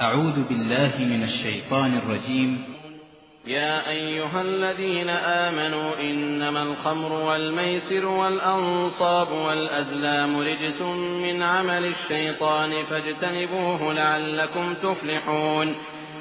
أعوذ بالله من الشيطان الرجيم يا أيها الذين آمنوا إنما الخمر والميسر والأنصاب والأزلام رجس من عمل الشيطان فاجتنبوه لعلكم تفلحون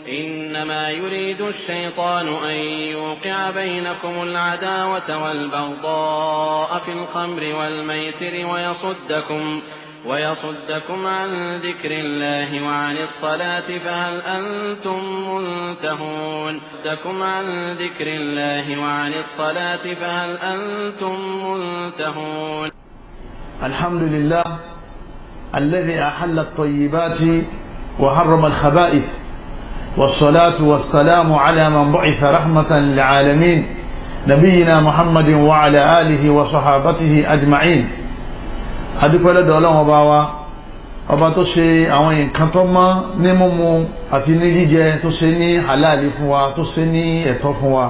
إنما يريد الشيطان أن يوقع بينكم العداوة والبغضاء في الخمر والميسر ويصدكم ويصدكم ويصدكم عن ذكر الله وعن الصلاة فهل أنتم منتهون صدكم عن ذكر الله وعن الصلاة فهل أنتم منتهون الحمد لله الذي أحل الطيبات وحرم الخبائث والصلاة والسلام على من بعث رحمة للعالمين نبينا محمد وعلى آله وصحابته أجمعين adúpẹ́lẹ́dọ̀ ọlọ́run ọba wa ọba tó ṣe àwọn nǹkan tó mọ́ ní mímu àti ní jíjẹ tó ṣe ní aláàlì fún wa tó ṣe ní ẹ̀tọ́ fún wa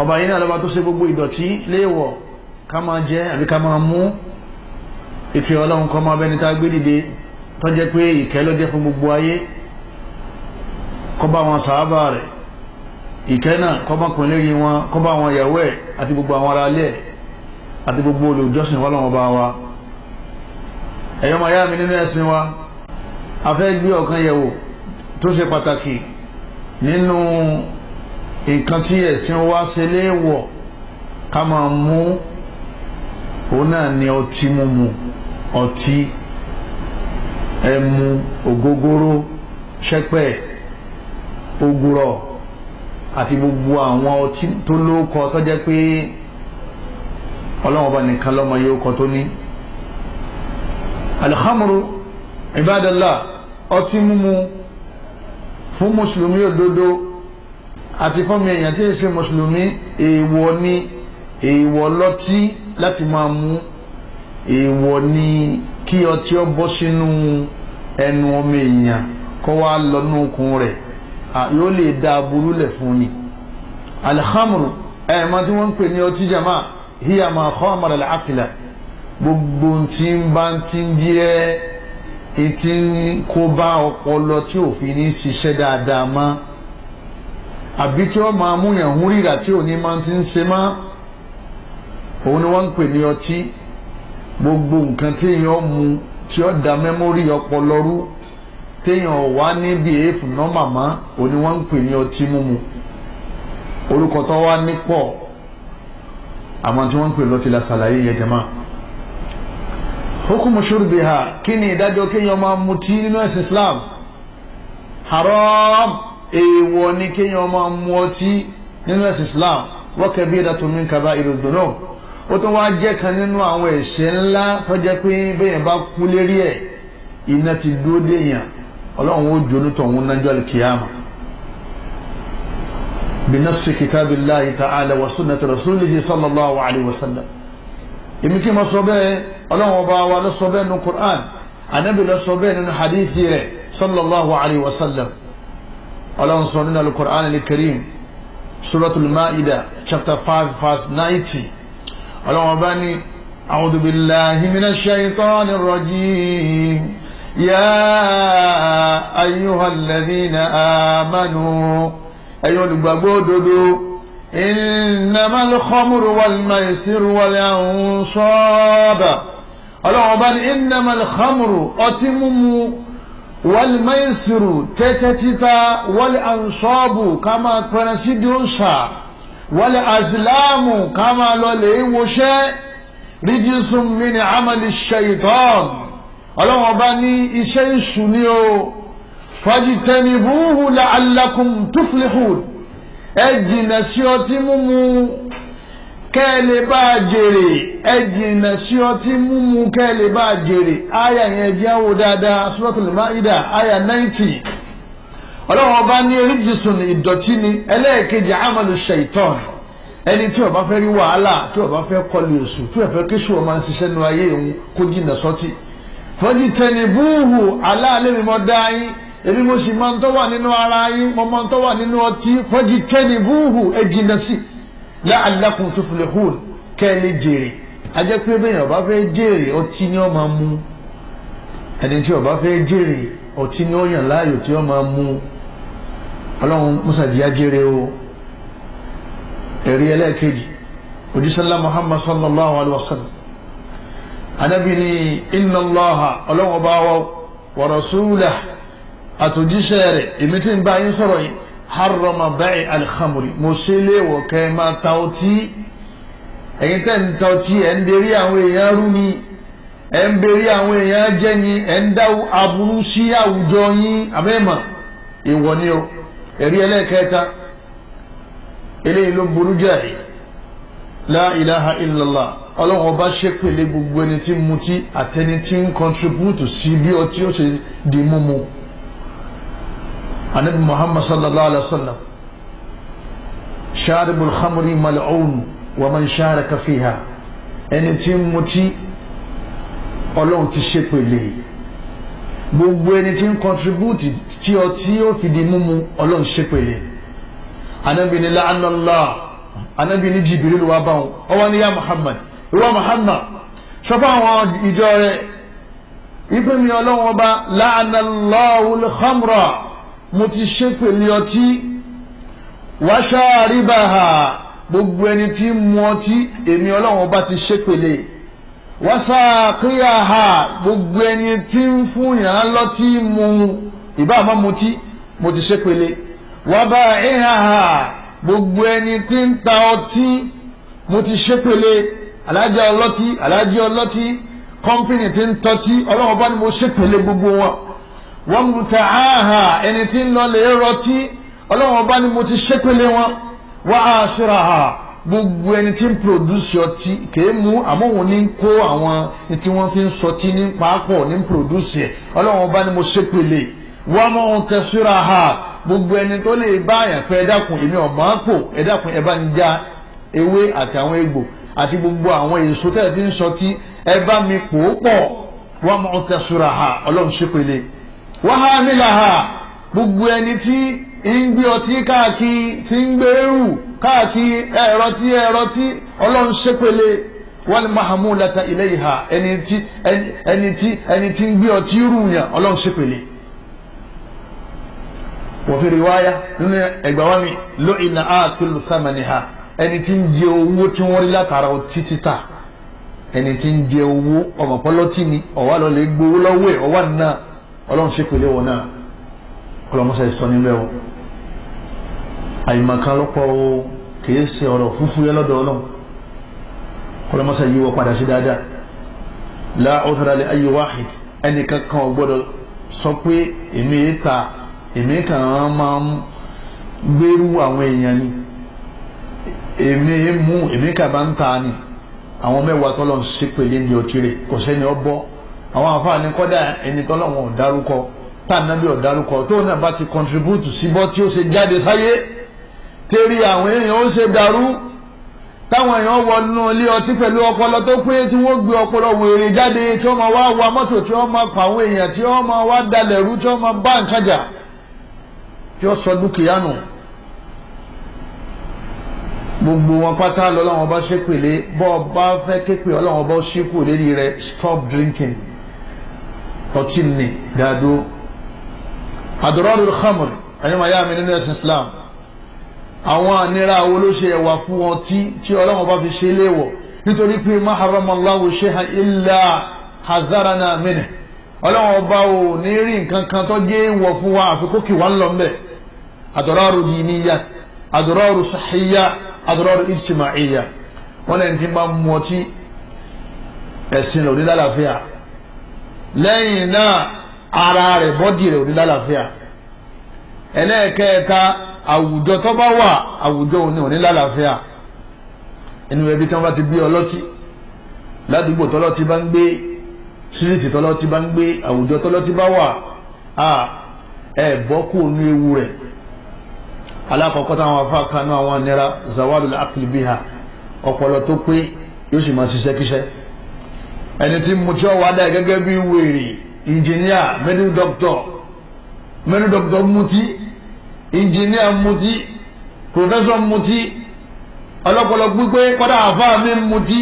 ọba yìí náà lọ́ba tó ṣe gbogbo ìdọ̀tí léèwọ̀ ká máa jẹ àbí ká máa mú ìfẹ́ ọlọ́run kọ́ máa bẹni tá gbé dìde tó jẹ́ pé ìkẹ́ ló jẹ́ fún gbogbo ayé kó bá wọn sàábà rẹ̀ ìkẹ́ náà kó bá kùnlé wọn kó bá wọn yàwó ẹ̀ àti gbogbo àwọn ará alẹ́ àti gbogbo olùjọ́sìn wọ́n lọ́wọ́ bá wa ẹ̀yọ́ máa yá mi nínú ẹ̀sìn wa a fẹ́ gbé ọ̀kan yẹ̀wò tó ṣe pàtàkì nínú nǹkan tí ẹ̀sìn wa ṣe léèwọ̀ ká máa mú òun náà ni ọtí mímu ọtí ẹmu ògógóró ṣẹ̀pẹ̀ ògùrọ̀ àti gbogbo àwọn ọtí tó lóko tó jẹ́ pé ọlọ́run ọba nìkan lọ́mọ yóò kọ́ tó ní. alhamru ibadallah ọtí mímu fún mùsùlùmí òdodo àti fún mi èèyàn tí èsì mùsùlùmí èèwọ̀ ni èèwọ̀ lọ́tí láti máa mú èèwọ̀ ni kí ọtí ọ bọ́ sínú ẹnu ọmọ èèyàn kọ́ wa lọ́nú okun rẹ̀ yóò lè dá aburú lẹ̀ fún ni alhamru ẹ̀ẹ̀mọ́ tí wọ́n ń pè ní ọtí jama hiya ma khamara al-aqla gbogbo tí ń bá ti ń díẹ̀ ìtì ń kó bá ọpọlọ tí òfin ní ṣiṣẹ́ dáadáa mọ́ àbí tí wọ́n máa múyàn hún rírà tí òní máa ti ń ṣe mọ́ òun ni wọ́n ń pè ní ọtí gbogbo nǹkan téèyàn mu tí ó da mẹ́mórì ọpọlọ rú téèyàn wá níbi èéfù nọ́mà mọ́ òun ni wọ́n ń pè ní ọtí mímu orúkọ tó wá ní pọ̀ àwọn tí wọ́n ń pè lọ́tí la ṣàlàyé yẹn jẹ́ máa hukumu shurbiha kí ni ìdájọ́ kéèyàn máa mutí nínú ẹ̀sìn Islam haram èèwọ̀ ni kéèyàn máa mu nínú ẹ̀sìn Islam wa kabiratun min kaba'iri dhunub ó tún wá jẹ́ kan nínú àwọn ẹ̀ṣẹ̀ ńlá tó jẹ́ pé bẹ́yẹn bá kú lérí ẹ̀ iná ti dúró déyàn ọlọ́run ó jónú tọ̀hún nájọ́ kíyámà بنص كتاب الله تعالى وسنة رسوله صلى الله عليه وسلم èmi kí mo sọ bẹ́ẹ̀ ọlọ́run ọba wa ló sọ bẹ́ẹ̀ nínú Qur'an anabi ló sọ bẹ́ẹ̀ nínú hadithi rẹ̀ sallallahu alayhi wa sallam ọlọ́run sọ nínú al-Qur'an al-Karim suratul ma'ida chapter five verse ninety ọlọ́run ọba ní a'udhu billahi minash shaitanir rajim ya ayyuhalladhina amanu ẹ̀yin olùgbàgbọ́ òdodo innamal khamru wal maisiru wal ansaba ọlọ́wọ́n bá ní innamal khamru ọtí mímu wal maisiru tẹ́tẹ́ títa wal ansabu ká máa pẹ̀rẹ̀ sí di òòṣà wal azlamu ká máa lọ ọlọ́wọ́n bá ní iṣẹ́ ìṣù o fajitanibuhu la'allakum tuflihun ẹ jìnà sí ọtí mímu kẹ́ ẹ lè bá a jèrè ẹ jìnà sí ọtí mímu kẹ́ ẹ lè suratul maida àyà 90 ọlọ́run ọba ní ríjìsùn ìdọ̀tí ni ẹlẹ́ẹ̀kejì amalu shaitan ẹni tí ó bá fẹ́ rí wàhálà tí ó bá fẹ́ kọlu èṣù tí ó fẹ́ kéṣù ọmọ ṣiṣẹ́ nu ayé òun kó jìnà sọ́tì fọ́jì tẹ̀lé búhù aláàlẹ́ mi mọ́ dá yín èmi mo sì máa ń tọ́ wà nínú ara yín mo máa ń tọ́ wà nínú ọtí fọ́jì tẹ́ni búhù ẹ jìnnà sí la'allakum tuflihun kẹ́ ẹ lè jèrè ajẹ́ pé bẹ́yàn bá fẹ́ jèrè ọtí ni ó máa mú ẹni tí ó bá fẹ́ jèrè ọtí ni ó yàn láàyò tí ó máa mú ọlọ́run mùsàdíyà jèrè o ẹ̀rí ẹlẹ́ẹ̀kejì òjísọ́lá muhammad sallallahu alaihi wasallam anábìrin inna allaha ọlọ́run ọba wa wa rasulahu àtòjíṣẹ́ rẹ̀ èmi tí ń bá yín sọ̀rọ̀ yìí harrama bẹ́ẹ̀ alihamuri mo ṣe léèwọ̀ kẹ́ ẹ máa ta ọtí ẹ̀yin tẹ́ ń ta ọtí ẹ̀ ń derí àwọn èèyàn rú ni ẹ̀ ń berí àwọn èèyàn jẹ́ ni ẹ̀ ń dá aburú sí àwùjọ yín abẹ́ẹ̀mà ìwọ ni o ẹ̀rí ẹlẹ́ẹ̀kẹta eléyìí ló burú jáde la ilaha illallah ọlọ́run ọba ṣépèlé gbogbo ẹni tí mutí àtẹni tí ń contribute sí bí ọtí ó ṣe di mímu anabi muhammad sallallahu alaihi wasallam sharibul khamri mal'un wa man sharaka fiha ẹni tí ń mutí ọlọ́run ti ṣe pèlè gbogbo ẹni tí ń contribute tí ọ tí ó fi di mímu ọlọ́run ṣe pèlè anabi ni la'anallah anabi ni jibril wa báwọn ọwọ́ ni ya muhammad ìwọ muhammad sọ fún àwọn ìjọ rẹ ìpè mi ọlọ́run ọba la'anallahul khamra mo ti ṣépè lé ọtí wáṣáàríbàhà gbogbo ẹni tí ń mu ọtí èmi ọlọ́run ọba ti ṣépè lé wáṣáàkíyàhà gbogbo ẹni tí ń fún yàn lọ́tí mu ìbá àmọ́ mutí mo ti ṣépè lé wábà ìhàhà gbogbo ẹni tí ń ta ọtí mo ti ṣépè lé alájà ọlọ́tí alájà ọlọ́tí kọ́mpìnì tí ń tọ́tí ọlọ́run ọba ni mo ṣépè lé gbogbo wọn wọ́n mú ta áhà ẹni tí ń lọ lè rọtí ọlọ́run ọba ni mo ti ṣépele wọn wá aṣọra ha gbogbo ẹni tí ń pòdúsì ọtí kèé mú àmọ́ òun ní kó àwọn tí wọ́n fi ń sọtí ní pàápọ̀ ní pòdúsì ẹ̀ ọlọ́run ọba ni mo ṣépele wọ́n mọ̀ ọ́n tẹ̀síra ha gbogbo ẹni tó lè bá àyàn pé ẹ̀dàkùn èmi ọ̀mọ́ àpò ẹ̀dàkùn ẹ ewé àti àwọn egbò àti gbogbo àwọn èso tẹ́ẹ̀ fi ń sọtí ẹ mi pòó pọ̀ wọ́n mọ̀ ọ́n tẹ̀síra ha ọlọ́run ṣépele wàhámìláhà gbogbo ẹni tí ń gbé ọtí káàkiri tí ń gbé ẹrù káàkiri ẹ̀rọ tí ẹ̀rọ tí ọlọ́run ṣépele wọ́n mahamulata ilayha ẹni tí ẹni tí ẹni tí ń gbé ọtí rù yàn ọlọ́run ṣépele wọ́n riwaya nínú ẹgbẹ́ wa mi lóyìnà àtúlù sàmàlìhà ẹni tí ń jẹ owó tí wọ́n rí látara ọtí títà ẹni tí ń jẹ owó ọmọpọlọtì ni ọ̀wá lọ gbowó lọ́wọ́ ẹ̀ ọ̀wá náà ọlọ́run ṣe pèlè wọn náà ọlọ́mọṣẹ́ sọ níbẹ̀ o àìmọ̀kan lọ́pọ̀ o kìí ṣe ọ̀rọ̀ fúnfú yẹ lọ́dọ̀ ọlọ́run ọlọ́mọṣẹ́ yíwọ padà sí dáadáa la udhra li ayyi wahid ẹnìkan kan ò gbọ́dọ̀ sọ pé èmi ta èmi kàn án máa ń gbérú àwọn èèyàn ni èmi mú èmi kà bá ń ta ni àwọn mẹ́wàá tọ́lọ́ ń ṣe pèlè ní ọtí rẹ̀ kò sẹ́ni ọ bọ́ àwọn àfààní kọ́dà ẹni tọ́lọ́wọ̀n ọ̀dárúkọ tànàbí ọ̀dárúkọ tó náà bá ti contribute sí bọ́ tí ó ṣe jáde sáyé tẹ́rí àwọn èèyàn ó ṣe dàrú táwọn èèyàn wọnú ilé ọtí pẹ̀lú ọpọlọ tó pé tí wọ́n gbé ọpọlọ wèrè jáde tí wọ́n máa wá wa mọ́tò tí wọ́n máa pa àwọn èèyàn tí wọ́n máa wá dalẹ̀ rú tí wọ́n máa bá nǹkan jà tí wọ́n sọ dúkìá nù gbogbo wọn pátá lọ́lọ́wọ́n bá ṣépèlé bọ́ ọ bá fẹ́ képè ọlọ́wọ́n bá ṣépò lérí rẹ stop drinking ọtí ni dáadó àdúrọ́rù khamri ẹ̀yìn máa yá mi nínú ẹ̀sìn Islam àwọn ànira wo ló ṣe ẹ̀wà fún ọtí tí Ọlọ́run bá fi ṣe léèwọ̀ nítorí pé ma haramallahu shay'an illa hazarana minhu Ọlọ́run ọba ò ní rí nǹkan kan tó jẹ́ ìwọ̀ fún wa àfi kì wá ń lọ mbẹ̀ àdúrọ́rù diniya àdúrọ́rù sahiyya àdúrọ́rù ijtima'iyya wọ́n lẹ́yìn tí máa mú ọtí ẹ̀sìn rẹ̀ ní lálàáfíà lẹ́yìn náà ara rẹ̀ bọ́dì rẹ̀ ò ní lálàáfíà ẹlẹ́ẹ̀kẹ́ẹ̀ka àwùjọ tó bá wà àwùjọ òní ò ní lálàáfíà inú ẹbí tí wọ́n bá ti gbé ọlọ́tí ládùúgbò tọ́lọ́tí bá ń gbé síríìtì tọ́lọ́tí bá ń gbé àwùjọ tọ́lọ́tí bá wà á ẹ̀ bọ́ kú ònú ewu rẹ̀ alákọ̀ọ́kọ́ táwọn afá kanú àwọn nira zawadu akilibiha ọpọlọ tó pé yóò sì máa ṣiṣẹ́ kíṣẹ́ ẹni tí mo tí ọ wá dá gẹ́gẹ́ bí wèrè ìnjìníà mẹ́dù dọ́kítọ̀ mẹ́dù dọ́kítọ̀ mutí ìnjìníà mutí pòfẹ́sọ̀ mutí ọlọ́pọlọ pípé kọ́dà àfáà mi mutí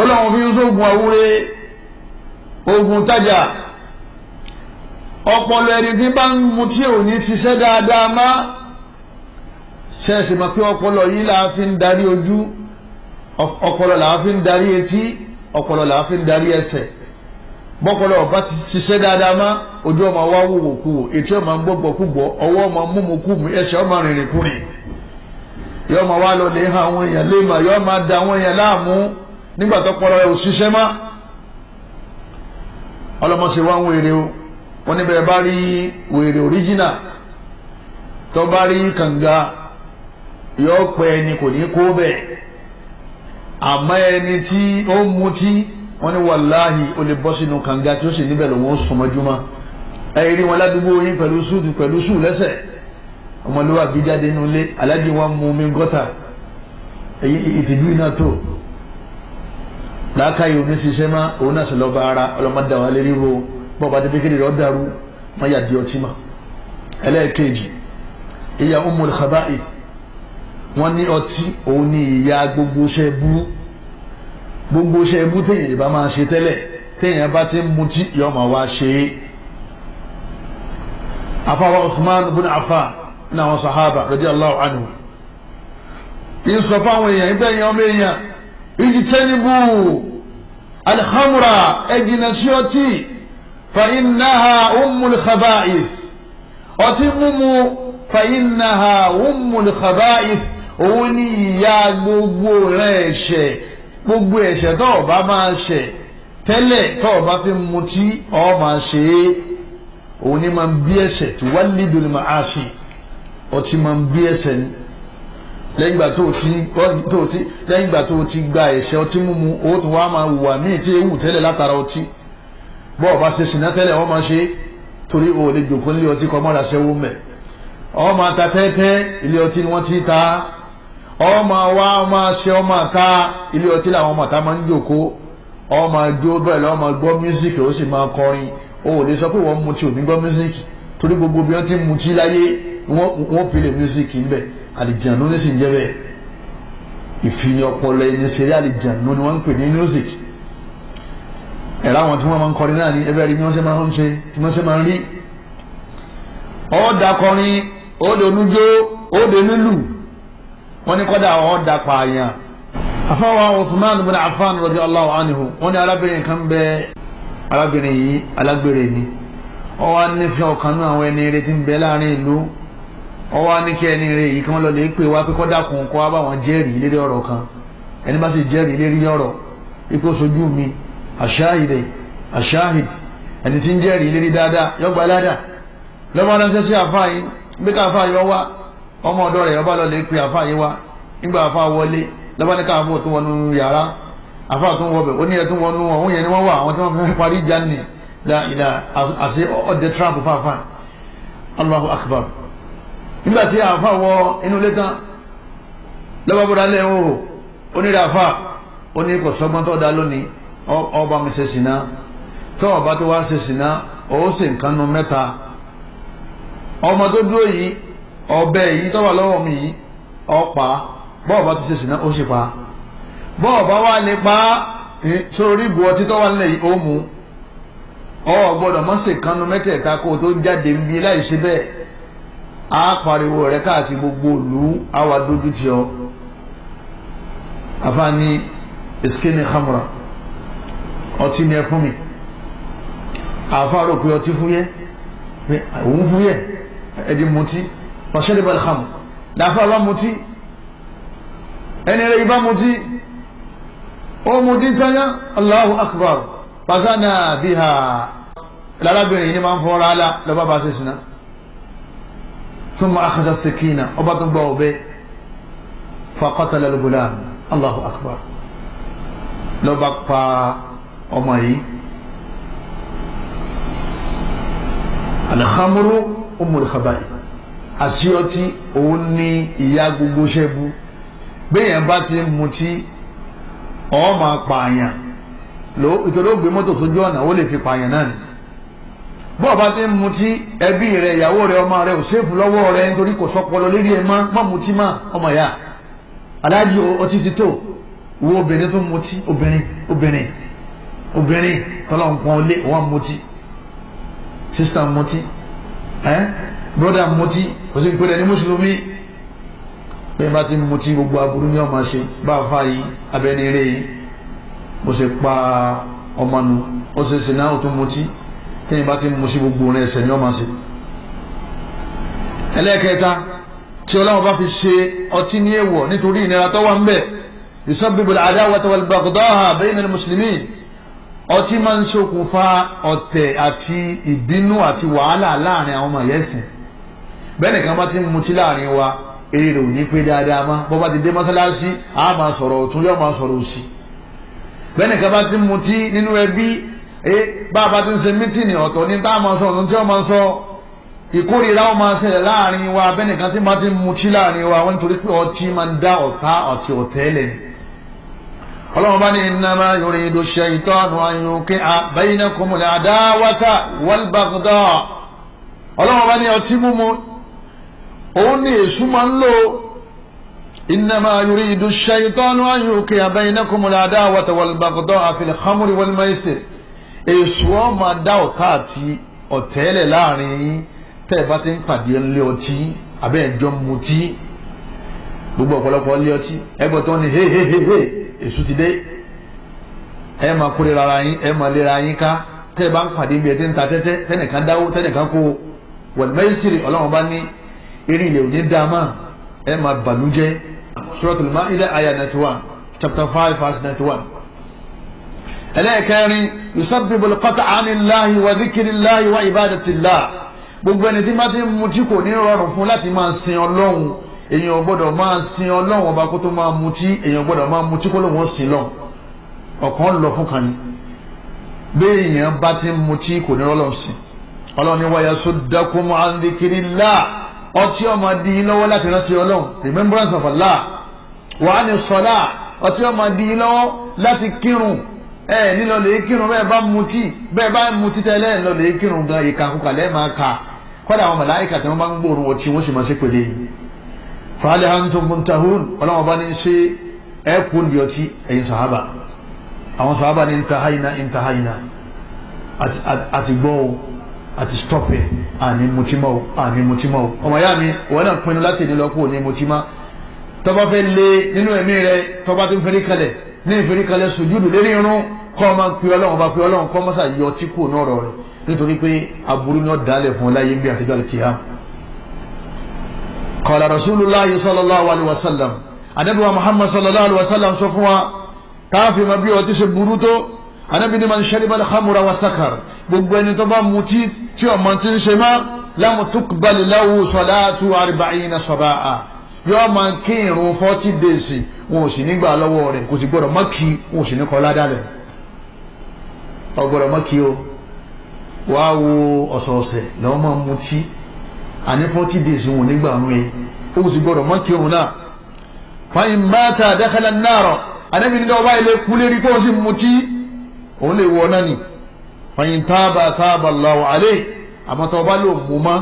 ọlọ́run fi ń sóògùn àwúre oògùn tajà ọpọlọ ẹni tí bá ń mutí ò ní ṣiṣẹ́ dáadáa má ṣẹ̀ṣì mọ̀ pé ọpọlọ yìí làá fi ń darí ojú ọpọlọ làá fi ń darí etí. ọpọlọ làá fi darí ẹsẹ̀ bọ́pọlọ ọba ti ṣiṣẹ́ dáadáa má ojú ọmọ wa wòwò kú wò etí ọmọ gbọ́gbọ́ kú gbọ́ ọwọ́ ọmọ múmu kú mu ẹsẹ̀ ọmọ rìnrìn kú yọ ma wa lọ lè hàn àwọn èèyàn yọ ma da àwọn èèyàn láàmú nígbà tó pọlọ ò má ọlọmọṣẹ wa ń wèrè o wọn bá rí wèrè tó bá rí kànga ẹni àmọ́ ẹni tí ó mutí wọ́n ní wàláhì ó lè bọ́ sínú kànga tí ó sì níbẹ̀ lòun ó sùnmọ́júmọ́ ẹ̀yìn rí wọn ládùúgbò yín pẹ̀lú súùtù pẹ̀lú súù lẹ́sẹ̀ ọmọlúwàbí jáde nínú ilé alájí wọn mú omi gọ́tà èyí ìtìjú iná tó làákàyè òní ṣiṣẹ́ má òun náà sì lọ bá ara ọlọ́mọdé àwọn alẹ́ ríro bọ́ọ̀bá tètè kéde rẹ̀ dàrú wọ́n yà di ọtí mọ́ ẹlẹ́ẹ̀kejì ìyá umul khaba'ith wọ́n ní ọtí òun ní ìyá gbogbo iṣẹ́ bú gbogbo iṣẹ́ bú téèyàn bá máa ṣe tẹ́lẹ̀ téèyàn bá ti ń mutí yóò máa wá ṣe é afawa Uthman bin Affan ní àwọn sahaba radiyallahu anhu ìsọ fáwọn èèyàn ìgbẹ́ èèyàn ọmọ èèyàn ijtanibu al-khamra ẹ̀jìnà sí ọtí fa innaha ummul khaba'ith ọtí mímu fa innaha ummul khaba'ith òun ni ìyá gbogbo rẹ̀ ẹ̀ṣẹ̀ gbogbo ẹ̀ṣẹ̀ tó o bá máa ṣẹ̀ tẹ́lẹ̀ tó o bá ti mutí ọ máa ṣe é òun ni máa ń bí ẹ̀ṣẹ̀ tó wá lídùn ní màá ṣe ọtí máa ń bí ẹ̀ṣẹ̀ ni lẹ́yìn ìgbà tó o ti lẹ́yìn ìgbà tó o ti gba ẹ̀ṣẹ̀ ọtí mímu o tún wá máa wà míì tí ewu tẹ́lẹ̀ látara ọtí bọ́ ọba ṣe ṣìnà tẹ́lẹ̀ ọ máa ṣe torí o jòkó nílé ọtí kọ́ mọ́ra ṣẹ́wó mẹ́ ọ máa ta tẹ́tẹ́ ilé ọtí ni wọ́n ti ta á ọmọ wa máa ṣe ọmọ ká ilé ọtí làwọn ọmọ ká máa ń jòkó ọmọ jó bẹ́ẹ̀ lọ́mọ gbọ́ mísíkì ó sì máa kọrin o ò lè sọ pé wọ́n mu tí ò ní gbọ́ mísíkì torí gbogbo bí wọ́n ti mu tí láyé wọ́n pèlè mísíkì ńbẹ̀ àlìjànú ní sì ń jẹ́ bẹ́ẹ̀ ìfihàn ọpọlọ ẹni ṣeré àlìjànú ni wọ́n ń pè ní mísíkì ẹ̀rọ àwọn tí wọ́n máa ń kọrin náà ni ẹbẹ̀ rí bí wọ́n ṣe máa ń rí ọ̀ọ́dà kọrin ó lè onújó ó lè nílùú wọ́n ní kọ́dà àwọn da pààyàn afọwọ́ Uthman bin Affan radiyallahu anhu wọ́n ní arábìnrin kan bẹ arábìnrin yìí alágbèrè ni ó wá nífẹ̀ẹ́ ọ̀kan náà àwọn ẹni retí ń bẹ láàrin ìlú ó wá ní kí ẹni rẹ yìí kí wọ́n lọ lè pè wá pé kọ́dà kùn kọ́ wá jẹ́rìí lérí ọ̀rọ̀ kan ẹni bá sì jẹ́rìí lérí ọ̀rọ̀ ipò sojú mi àṣáhìdè àṣáhìd ẹni tí ń jẹ́rìí lérí dáadáa yọgbà ládàá lọ́mọdé ṣẹ́ṣẹ́ àfáà yìí bí ká yọ wá ọmọ ọ̀dọ̀ rẹ̀ ọba lọlẹ pé àfa yìí wá nígbà àfa wọlé lọbáníkà àbò tó wọnú yàrá àfa tó ń wọbẹ ó ní ẹtún wọnú ọhún yẹn ni wọn wà àwọn tí wọn fẹẹ parí ìjà ni ìlà àṣẹ ọdẹ trap fàáfàá Allahu akbar nígbà tí àfa wọ inú ilé tán lọ́bàbọ̀dá lẹ́ o oníràfà oní kò sọ́gbọ́n tó dá lónìí ọba mi ṣe sìnà tó ọba tó wá ṣe sìnà ó sì nǹkan nu mẹ́ta ọmọ tó dúró yìí ọ̀bẹ yìí tó wà lọ́wọ́ mi yìí ọ̀pá bọ́ọ̀bá ti ṣe sìnà ó sì pa bọ́ọ̀bá wà lè pa sórí ìbò ọtí tó wà nílẹ̀ yìí ó mu ọ gbọ́dọ̀ mọ́ ṣe kánú mẹ́tẹ̀ẹ̀ta kó o tó jáde ń bí láì ṣe bẹ́ẹ̀ á pariwo rẹ káàkiri gbogbo ìlú á wà dójú tì ọ àfààní ìskíni hamra ọtí ni ẹ fún mi àfààrò pé ọtí fúyẹ́ òun fúyẹ́ ẹ̀dí mutí pàṣẹ́lẹ̀ bẹ̀rẹ̀ hàn láfà bá mutí ẹni rẹ̀ ibá mutí ó mutí tányá Allahu akbar pàṣánà bí ha lárábìnrin yìí máa ń fọ́ra ala lọ́ba bá ṣe sinna ثم أخذ السكينة وبطن بوبي فقتل الغلام الله أكبر ló bá pa ọmọ yìí الخمر أم الخبائث àṣíọtí òun ní ìyá gbogbo ṣẹ́bù béèyàn bá ti ń mutí ó máa pààyàn ìtòdó gbé mọ́tò sójú ọ̀nà ó lè fi pààyàn náà ni bọ́ọ̀ bá ti ń mutí ẹbí rẹ ìyàwó rẹ ọmọ rẹ ò séèfù lọ́wọ́ rẹ nítorí kò sọpọlọ lérí ẹ má má mutí má ọmọ ìyá adájí ọtí ti tó wo obìnrin tó mutí obìnrin obìnrin obìnrin tọ́lọ́ nǹkan lé wọ́n mutí sísítà mutí ẹ́ broda mutí kò sí pé ẹni mùsùlùmí pé bá ti mutí gbogbo aburú ní ọmọ ṣe bá a fa yìí abẹni eré yìí mo ṣe pa ọmọ nu ó ṣe ṣe náà ó tún mutí pé bá ti mu sí gbogbo rẹ ẹsẹ ní ọmọ ṣe. ẹlẹ́kẹta tí ọlọ́run bá fi ṣe ọtí ní èèwọ̀ nítorí ìnira tó wà ń bẹ̀ yusabbibu al-adawata wal-baghdaaha bayna al ọtí máa ń ṣokùnfà ọ̀tẹ̀ àti ìbínú àti wàhálà láàrin àwọn ọmọ ẹ̀yẹ́sìn bẹ́ẹ̀ nìkan bá ti ń mutí láàrin wa eré rẹ̀ ò ní pé dáadáa mọ́ bọ́ bá ti dé mọ́sálásí a máa sọ̀rọ̀ ọ̀tún yóò máa sọ̀rọ̀ òsì bẹ́ẹ̀ nìkan bá ti ń mutí nínú ẹbí e, bá a bá ti ń ṣe mítìnì ọ̀tọ̀ ní tá a máa sọ ọ̀tún tí wọ́n máa sọ ìkórìíra wọn máa ṣẹlẹ̀ láàrin wa bẹ́ẹ̀ nìkan tí máa ti ń mutí láàrin wa wọ́n nítorí pé ọtí máa dá ọ̀tá ọ̀tí ọ̀tẹ́lẹ̀ ọlọ́run bá ní innama yuridu shaytanu an yuqi'a baynakumul adawata wal baghdha ọlọ́run bá ní ọtí mímu òun ni èṣù máa ń lò innama yuridu shaytanu an yuqi'a baynakumul adawata wal baghdha'a fil khamri wal maisir èṣù ọ̀ máa dá ọ̀tá àti ọ̀tẹ́lẹ̀ láàrin yín tẹ́ ẹ bá ti ń pàdé ńlé ọtí abẹ́ ẹ̀jọ́ mutí gbogbo ọ̀pọ̀lọpọ̀ ńlé ọtí ẹgbẹ́ tó ní hehehehe èṣù ti dé ẹ máa kórè rárá yín ẹ máa lera yín ká tẹ́ ẹ bá ń pàdé bí ti ń ta tẹ́tẹ́ tẹ́nìkan dáwó tẹ́nìkan kó wọ̀lùmẹ́sìrì ọlọ́run bá ní eré ilẹ̀ òní dáama ẹ máa bànújẹ́ Suratul Ma'idah àyà ninety one chapter five verse ninety one. ẹlẹ́ẹ̀kẹrin yusabbibu al-qat'a anillahi wa dhikrillahi wa ibadatillah gbogbo ẹni tí máa ti mutí kò ní rọrùn fún láti máa sin ọlọ́run èèyàn gbọ́dọ̀ máa sin ọlọ́run ọba kó tó máa mutí èèyàn gbọ́dọ̀ máa mutí kó lóun ó sin lọ ọ̀kan lọ fún kan ni béèyàn bá ti mutí kò ní rọlọ́run sìn ọlọ́run ni wa yasuddakum an ọtí ọmọ di yín lọ́wọ́ láti rántí ọlọ́run remembrance of Allah wà á ní sọlá ọtí ọmọ di yín lọ́wọ́ láti kírun ẹ nílò lè kírun bẹ́ẹ̀ bá mutí bẹ́ẹ̀ bá mutí tẹ́lẹ̀ nílò lè kírun gan ìkàkùkà lẹ́ẹ̀ máa ka kọ́dà àwọn màláìkà tí wọ́n bá ń gbóòórùn ọtí wọ́n sì máa ṣe pèlè yìí fàálẹ̀ hantum muntahun ọlọ́wọ́n bá ní ṣe ẹ kú ní ọtí ẹ̀yin sàhábà àwọn sàhábà ní ntahayina ntahayina àti gbọ́ àti stop ẹ̀ àní mutímọ́ o àní mutímọ́ o ọmọ ìyá mi ìwọ náà pinnu láti ní lọ́kù òní mutímọ́ tọ́ba fẹ́ lé nínú ẹ̀mí rẹ tọ́ba tó ń fẹ́rí kalẹ̀ ní ìfẹ́rí kalẹ̀ sùjúdù lérí irun kọ́ ọmọ pe ọlọ́run ọba pe ọlọ́run kọ́ mọ́sà yọ tí kò náà rọ̀ rẹ̀ nítorí pé aburú náà dálẹ̀ fún ọláyé bí àtijọ́ àti kìá. qala rasulullahi sallallahu alaihi wasallam àdẹ́bùwà muhammad sallallahu alaihi wasallam sọ fún wa táàfin ma bí ọtí ṣe burú tó anabi ni man shariba al-khamra wa sakar gbogbo ẹni tó bá mutí tí ọmọ ti ń ṣe má lámù tukbali lahu salatu arba'ina saba'a yóò máa kí irun forty days wọn ò sì ní gbà lọ́wọ́ rẹ̀ kò sì gbọ́dọ̀ má kí wọn ò sì ní kọ́ ládàlẹ̀ ọgbọ́dọ̀ má kí o wàá wo ọ̀sọ̀ọ̀sẹ̀ lọ́wọ́ máa mutí àní forty days wọn ò ní gbà wọn o e. sì gbọ́dọ̀ má kí òun náà fàyìn bá ta dakhala an-nar anabi ni lè kú lérí kó o sì mutí òun lè wọ náà nì fàyín táàbà táàbà Allahu alayhi àmọ́ tó o bá lò mú mọ́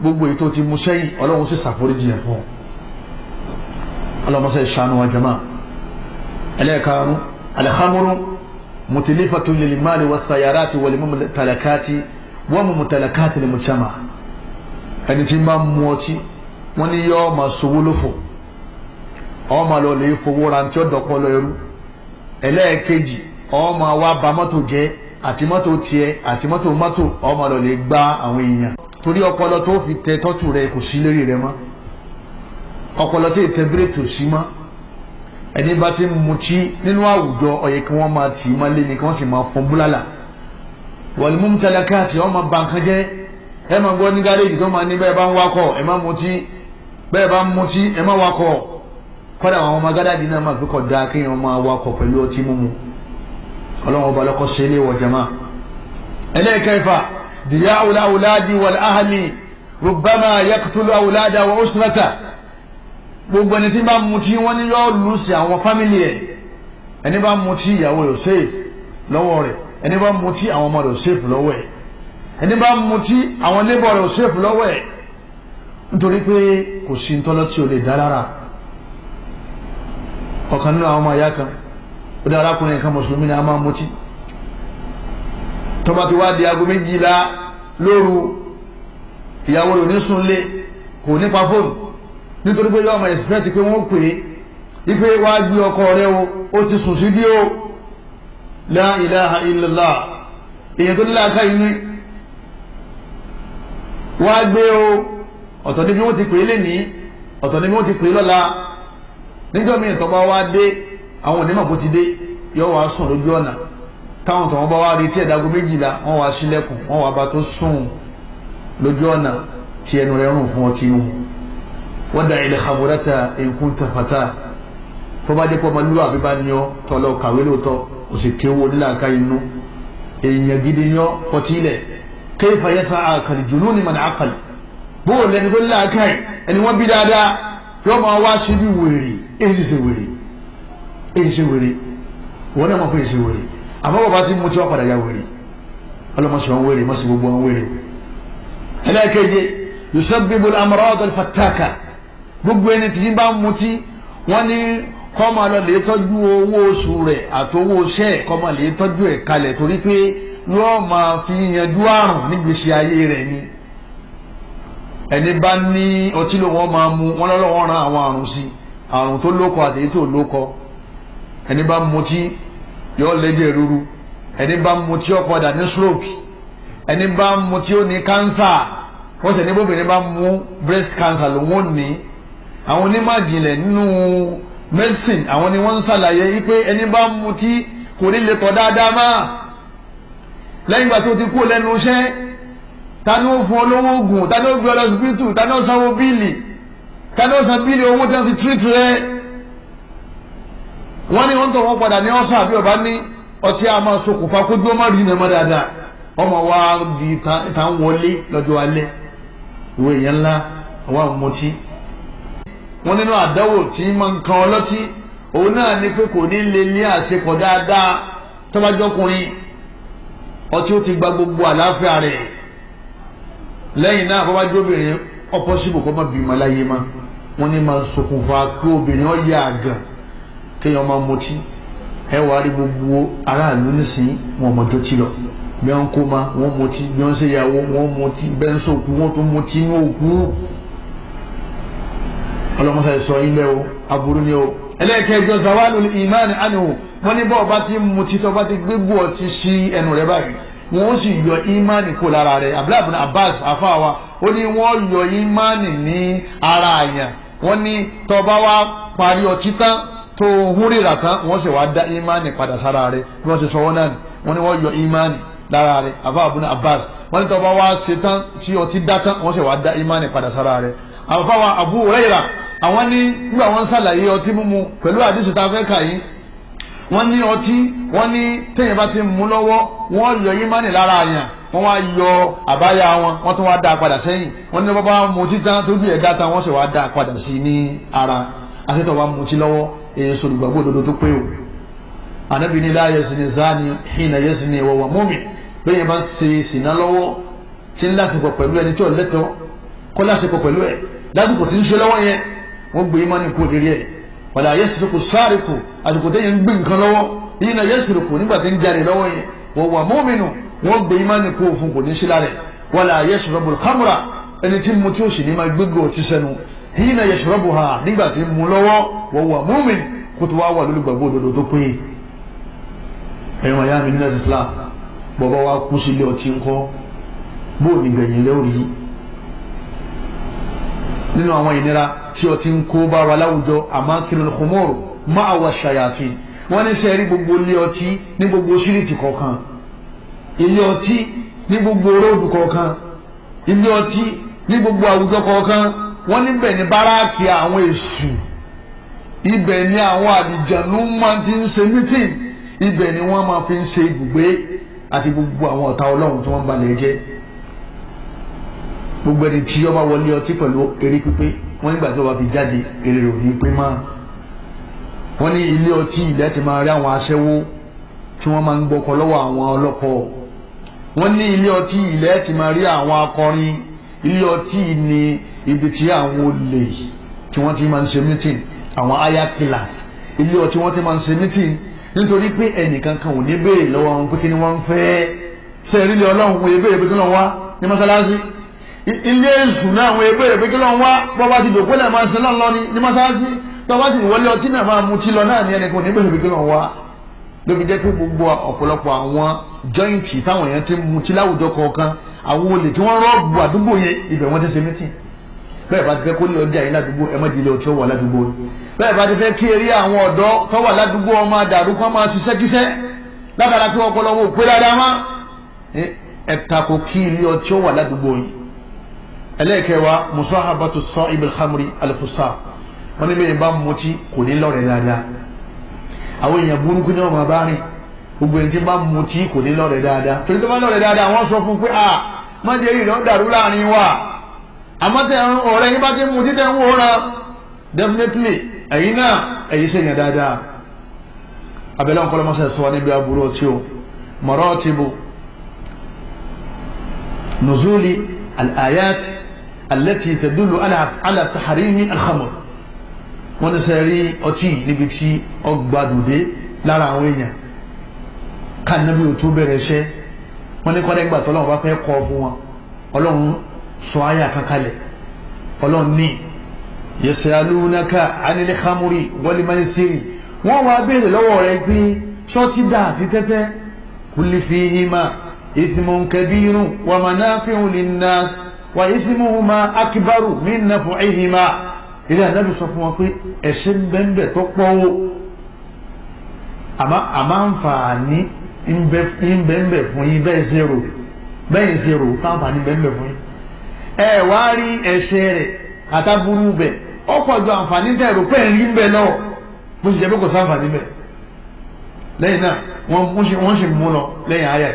gbogbo ètò ti mú sẹ́yìn ọlọ́run sì ṣàforíjì ẹ̀ fún ọ ọlọ́mọṣẹ́ ìṣàánú wa jama ẹlẹ́ẹ̀karùn alhamuru mutilifatu lilimari wa sayarati wa limu talakati wa mu talakati limu chama ẹni tí ń bá mú ọtí wọ́n ní yọ ọmọ sowó ọmọ lọ lè fowó ra tí lọ irú ẹlẹ́ẹ̀kejì ọmọ wa ba mọ́tò jẹ́ àti mọ́tò tiẹ̀ àti mọ́tò mọ́tò ọmọ lọ lè gba àwọn èèyàn torí ọpọlọ tó fi tẹ tọ́tù rẹ kò sí lórí rẹ mọ́ ọpọlọ tó tẹ bírèkì ò sí mọ́ ẹni bá ti ń mutí nínú àwùjọ ọ̀yẹ́ kí wọ́n máa tì í máa lé ni kí wọ́n sì máa fún búlálà wọ̀lú mú tẹ̀lé káàtì ọmọ bàǹkan jẹ́ ẹ máa gbọ́ ní gáréèjì tó máa ní bẹ́ẹ̀ bá ń wakọ̀ ẹ má mutí bẹ́ẹ̀ bá ń mutí ẹ má wakọ̀ kọ́dà àwọn ọmọ gádàdì náà máa fi kọ̀ dáa kéèyàn máa wakọ̀ pẹ̀lú ọtí mímu ọlọ́run ọba lọ́kọ́ ṣe ilé wọ̀ jama ẹlẹ́ẹ̀kẹfà dìyà awuláwuláàdì wàl ahàlì rúbámà yakutulu awuláàdà wà ọ̀ṣùrẹ́tà gbogbo ẹni tí bá mutí wọn ni yóò lù sí àwọn fámìlì ẹ ẹni bá mutí ìyàwó rẹ̀ ṣèf lọ́wọ́ rẹ̀ ẹni bá mutí àwọn ọmọ rẹ̀ ṣèf lọ́wọ́ ẹ̀ ẹni bá mutí àwọn níbọ̀ rẹ̀ ṣèf lọ́wọ́ ẹ̀ ó ní arákùnrin kan mùsùlùmí ni a máa mutí tọ́ba ti wá di aago méjìlá lóru ìyàwó rẹ̀ ò ní sunlé kò nípa fóònù nítorí pé yọ̀ọ́ ma pé wọ́n pè é ipe wàá gbé ọkọ rẹ o ó ti sùn síbí o la ilaha illallah èyàn tó níláàká yìí wàá gbé o ọ̀tọ̀ níbi wọ́n ti pè é lénìí ọ̀tọ̀ níbi wọ́n ti pè é lọ́la nígbà míì tọ́ba wá dé àwọn onímọ̀ kó ti dé yóò wá sùn lójú ọ̀nà táwọn tó wọn bá wá retí ẹ̀dágún méjìlá wọn wá sílẹ̀kùn wọn wá bá tó sùn lójú ọ̀nà tí ẹnu rẹ̀ rùn fún ọtí nù wọ́n dà ilẹ̀ kàbúrẹ́tà èkún tàfàtà tó bá jẹ́ pé ọmọlúwà bí bá ní ọ tọ́lọ kàwé lóòótọ́ kò sì kéwò nílàáká inú èèyàn gidi ní ọ fọtí ilẹ̀ kéfà yẹ àkàlì jùlọ ní mọ̀nà àkàlì bóòlù ẹni tó nílàáká ẹni wọ́n bí dáadáa yọ máa wá síbi wèrè èyí sì ṣe wèrè èyí ṣe wèrè wọn náà mọ̀ pé èyí ṣe wèrè àmọ́ bàbá tí mo ti wá padà ya wèrè ọlọ́mọṣẹ́ wọn wèrè mọ́sí gbogbo wọn wèrè ẹlẹ́ẹ̀kejì yusabbibu al-amrad al-fattaka gbogbo ẹni tí bá ń mutí wọ́n ní kọ́mọ lọ lè tọ́jú owó oṣù rẹ̀ àtowó iṣẹ́ kọ́mọ lè tọ́jú ẹ̀ kalẹ̀ torí pé yóò máa fi yanjú àrùn nígbèsè ayé rẹ̀ ni ẹni bá ní ọtí lòun máa mu wọn lọ́wọ́ ran àwọn àrùn sí àrùn tó lóko àtèyí tó lóko ẹni bá mutí yọ lẹ́jẹ̀ ruru, ẹni bá mutí ó padà ní stroke ẹni bá mutí ó ní cancer wọ́n sì ní bóbìnrin bá mú breast cancer ló wọ́n ní àwọn onímọ̀ nínú medicine àwọn ni wọ́n ń ṣàlàyé wípé ẹni bá mutí kò ní lè tọ̀ dáadáa máa lẹ́yìn ìgbà tó ti kú lẹ́nu iṣẹ́ tani ó fún olówó oògùn tani ó gbé ọ tani ó sanwó bíìlì tani ó san bíìlì owó tí wọ́n fi tírìtì rẹ̀ wọ́n ní wọ́n tó wọ́n padà ní ọ̀sán àbí ọ̀bá ní ọtí a máa ṣokùnfà kójú ọmọ rí nàmọ́ dáadáa ọmọ wa di ìtàn wọlé lọ́jọ́ alẹ́ ìwé yẹn ńlá àwọn àmọ́tí wọ́n nínú àdánwò tí máa ń kan ọlọ́tí òun náà ni pé kò ní lè ní àṣepọ̀ dáadáa tọ́bajọ́kùnrin ọtí ó ti gba gbogbo àlàáfíà rẹ̀ lẹ́yìn náà fọwájóbìnrin ọ̀pọ̀ síbò kọ́ máa bímọ láyé máa wọ́n ní máa ṣokùnfà kí obìnrin ó yá àgàn kéèyàn máa mutí ẹ wàá rí gbogbo aráàlú nísìnyí wọn mọ̀jọ́ tí lọ bí wọ́n kó ma wọ́n mutí bí wọ́n ṣe yàwó wọ́n mutí bẹ́ẹ̀ ń sòkú wọ́n tún mutí ní òkú ọlọ́mọṣà ìsọ yín bẹ́ẹ̀ o aburú ni o ẹlẹ́ẹ̀kẹjọ zawalu iman anihu wọ́n ní bọ́ọ̀ bá ti mutí tó ti gbégbó ọtí sí ẹnu rẹ báyìí wọ́n sì yọ imani kó lára rẹ̀ abdulhamid abbas afáwa ó ní wọ́n yọ imani ní ara àyàn wọ́n ní tó bá parí ọtí tán tó hún rírà tán wọ́n sì wáá dá ìmánì padà sára rẹ̀ bí wọ́n ti sọ wọ́n náà ni wọ́n ní wọ́n yọ ìmánì lára rẹ̀ àbá àbúná abbas wọ́n ní tọ́ba wá ṣe tán tí ọtí dá tán wọ́n sì wáá dá ìmánì padà sára rẹ̀ àbá wa Abu Hurairah àwọn ní nígbà wọ́n ń ṣàlàyé ọtí mímu pẹ̀lú àdìsí tá a fẹ́ kà yín wọ́n ní ọtí wọ́n ní téèyàn bá ti mú lọ́wọ́ wọ́n yọ ìmánì lára yàn wọ́n wá yọ àbáyá wọn wọ́n tún wá dá a padà sẹ́yìn wọ́n ní bàbá mutí tán tó bí ẹ̀dá tán wọ́n sì wá dá a padà sí ní ara àti tọ́ba mutí lọ́wọ́ èyí eh, sọ̀rọ̀gbàgbọ́ òdodo tó pé o ànábì ní láàyè sí ni zani hìnà yẹ sí ni ìwọ̀wọ̀ múmi bẹ́ẹ̀ yẹn bá ṣe ìsìná lọ́wọ́ tí ń lásìkò pẹ̀lú ẹni tí ò lẹ́tọ̀ kọ́ lásìkò pẹ̀lú ẹ̀ lásìkò tí ń ṣe lọ́wọ́ yẹn wọ́n gbé yín mọ́ni kú òdìrí ẹ̀ wàlà yẹ sìrìkù sáàrìkù àsìkò tẹ́yẹ ń gbé nǹkan lọ́wọ́ hìnà yẹ sìrìkù nígbà tí ń jalè lọ́wọ́ yẹn wọ̀wọ̀ múmi nù gbé yín mọ́ni kú òfun kò ní ṣílá rẹ̀ wàlà yẹ sọ̀rọ̀ bùrù ẹni tí mo tí ó sì ní máa gbégbé ọtí sẹ́nu hina yashrabuha nígbà tí ń mu lọ́wọ́ wa huwa mu'min kó tó wá wà lólùgbàgbọ́ òdodo tó pé ẹ̀rọ ayá mi nílẹ̀ Islam bọ́bá wa kú sílé ọtí ńkọ́ bóò ní gbẹ̀yìn lórí nínú àwọn ìnira tí ọtí ń kó bá wa láwùjọ amakirul khumur ma'a wash-shayatin wọ́n ní sẹ́ẹ̀rí gbogbo ilé ọtí ní gbogbo síríìtì kọ̀ọ̀kan ilé ọtí ní gbogbo róòdù kọ̀ọ̀kan ilé ọtí ní gbogbo àwùjọ kọ̀ọ̀kan wọ́n níbẹ̀ ní báráàkì àwọn èṣù ibẹ̀ ni àwọn àdìjànú máa ti ń ṣe mítìn ibẹ̀ ni wọ́n máa fi ń ṣe ibùgbé àti gbogbo àwọn ọ̀tá ọlọ́run tí wọ́n ń balẹ̀ jẹ́ gbogbo ẹni tí ọba wọlé ọtí pẹ̀lú eré pípé wọ́n nígbà tí ọba fi jáde eré rò ní pé máa wọ́n ní ilé ọtí ilẹ̀ ti máa rí àwọn aṣẹ́wó tí wọ́n máa ń gbọ́kọ lọ́wọ́ àwọn ọlọ́kọ wọ́n ní ilé ọtí ilẹ̀ ti máa rí àwọn akọrin ilé ọtí ni ibi tí àwọn olè tí wọ́n ti máa ń ṣe meeting àwọn higher pillars ilé ọtí wọ́n ti máa ń ṣe meeting nítorí pé ẹnìkan kan ò ní béèrè lọ́wọ́ wọn pé kí ni wọ́n ń fẹ́ ṣe ìrírí ọlọ́run wọn èbèrè pé kí lọ́n wá ní mọ́ṣáláṣí ilé èṣù náà wọn èbèrè pé kí lọ́n wá bọ́ba ti dòkó lẹ́ẹ̀ máa ṣe lọ́n lọ ní mọ́ṣáláṣí tọ́ba sì wọlé ọtí náà máa mutí lọ náà ní ẹnìkan ò ní béèrè pé kí lọ́n wá lóbi jẹ́ pé gbogbo ọ̀pọ̀lọpọ̀ àwọn jọ́ìntì táwọn èèyàn ti mutí láwùjọ kọ̀ọ̀kan àwọn olè tí wọ́n rọ́ọ̀bù àdúgbò yẹn ibẹ̀ wọ́n ti ṣe mítìn bẹ́ẹ̀ bá ti fẹ́ kó ní ọjà yìí ládùúgbò ẹ má jìlẹ̀ ọtí ó wà ládùúgbò bẹ́ẹ̀ bá ti fẹ́ kí eré àwọn ọ̀dọ́ tó wà ládùúgbò ọmọ àdàrú kó máa ṣiṣẹ́ kíṣẹ́ látara pé ọpọlọ wọn ò pé dáadáa má ẹ tako kí ilé ọtí ó ládùúgbò yìí ẹlẹ́ẹ̀kẹwàá musahabatu saib al-khamri al-fusa wọn ní bẹ́ẹ̀ bá mutí kò ní lọ́rẹ̀ dáadáa àwọn èèyàn burúkú ni wọn máa bá rìn gbogbo àmọ́ tẹ ń ọ̀rẹ́ yín bá ti mú títẹ̀ ń wòran definitely ẹ̀yin náà ẹ̀yin sèyàn dáadáa abẹ́lẹ́ wọn kọ́ lọ́mọ́sẹ̀ sọ níbi aburú ọtí o maratibu nuzuli al-ayat allati tadullu ala tahrimi al-khamr wọ́n ní sẹ́rí ọtí níbi tí ọgbàdùdé lára àwọn èèyàn kánábí ò tó bẹ̀rẹ̀ iṣẹ́ wọ́n ní kọ́nẹ́gbà tọ́lọ́wọ́n bá fẹ́ kọ́ fún wọn ọlọ́run sọ àyà kankalẹ̀ ọlọ́run ní yasalunaka anil khamri wal maisiri wọ́n wá béèrè lọ́wọ́ rẹ̀ pé sọ́tí dà àti tẹ́tẹ́ kulli fihima ithmun kabirun wa manafi'u linnas wa ithmuhuma akbaru min naf'ihima ilé ànábì sọ fún wọn pé ẹ̀ṣẹ̀ ń bẹ ń bẹ tó pọ̀ o àmọ́ àǹfààní ń bẹ ń bẹ fún yín bẹ́ẹ̀ ṣe rò bẹ́ẹ̀ ṣe rò táǹfààní ń bẹ ń fún yín ẹ wá rí ẹ̀ṣẹ̀ rẹ̀ àtàbúrú bẹ̀ ọ̀pọ̀ ju àǹfààní tẹ̀ rò pé ẹ̀rí ń bẹ lọ bó ṣe jẹ́ pé kò sáǹfààní bẹ̀ lẹ́yìn náà wọ́n sì mú lọ lẹ́yìn ayà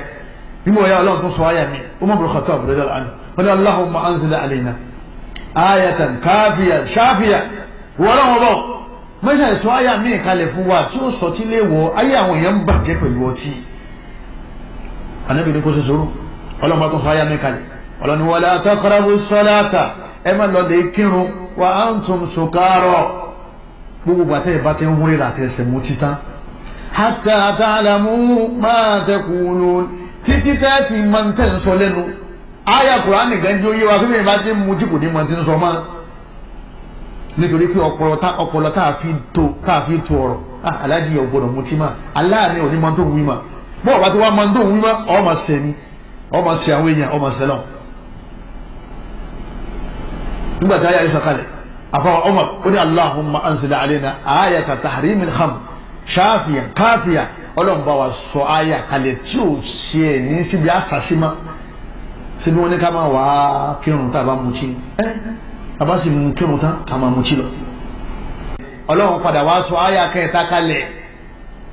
bí mo yá ọlọ́run tó sọ ayà mi Umar bin Khattab radiyallahu anhu wọ́n ní Allahumma anzil alayna ayatan káfíà ṣáfíà wọ́n lọ́wọ́ bọ̀ mẹ́sà ẹ̀sọ́ ayà mi kalẹ̀ fún wa tí ó sọ tí lè wọ ayé àwọn èèyàn ń bàjẹ́ pẹ̀lú ọtí anábìrin kó ṣe sọ̀rọ̀ ọlọ́run bá tó sọ ayà mi kalẹ̀ ọlọ́ni wala taqrabu salata ẹ má lọ lè kírun wa antum sukara gbogbo bàtẹ́ ìbá tẹ́ ń húnrẹ́ rà tẹ́ ṣe mú títá hatta ta'lamu ma taqulun títí tẹ́ fi máa ń tẹ̀ ń sọ lẹ́nu àyà kùránì gẹ́gẹ́ ó yé wa fífi ìbá tẹ́ mú tí kò ní máa ti ń sọ máa nítorí pé ọpọlọ tá a fi tó tá a fi tó ọ̀rọ̀ ah, aláàjì yẹn ò gbọ́dọ̀ mutí aláàní ò ní máa tó wí mà bọ́ọ̀ bá ti wá máa tó wí mà ọ̀ máa sẹ́ni ọ̀ máa sẹ́ àwọn èèyàn ọ̀ máa sẹ́ náà nígbà tí ayé sọ̀kalẹ̀ àfọwọ́ Umar ó ní Allahumma anzil alayna ayata tahrimil khamr ṣáfìyà káfìyà ọlọ́run bá wa sọ ayé àkàlẹ̀ tí ò ṣe é ní síbi àṣàṣe má síbi wọn ní ká máa wá kírun tá a bá mutí ẹ a bá sì mú kírun tán ká máa mutí lọ. ọlọ́run padà wá sọ ayé akẹ́ta kalẹ̀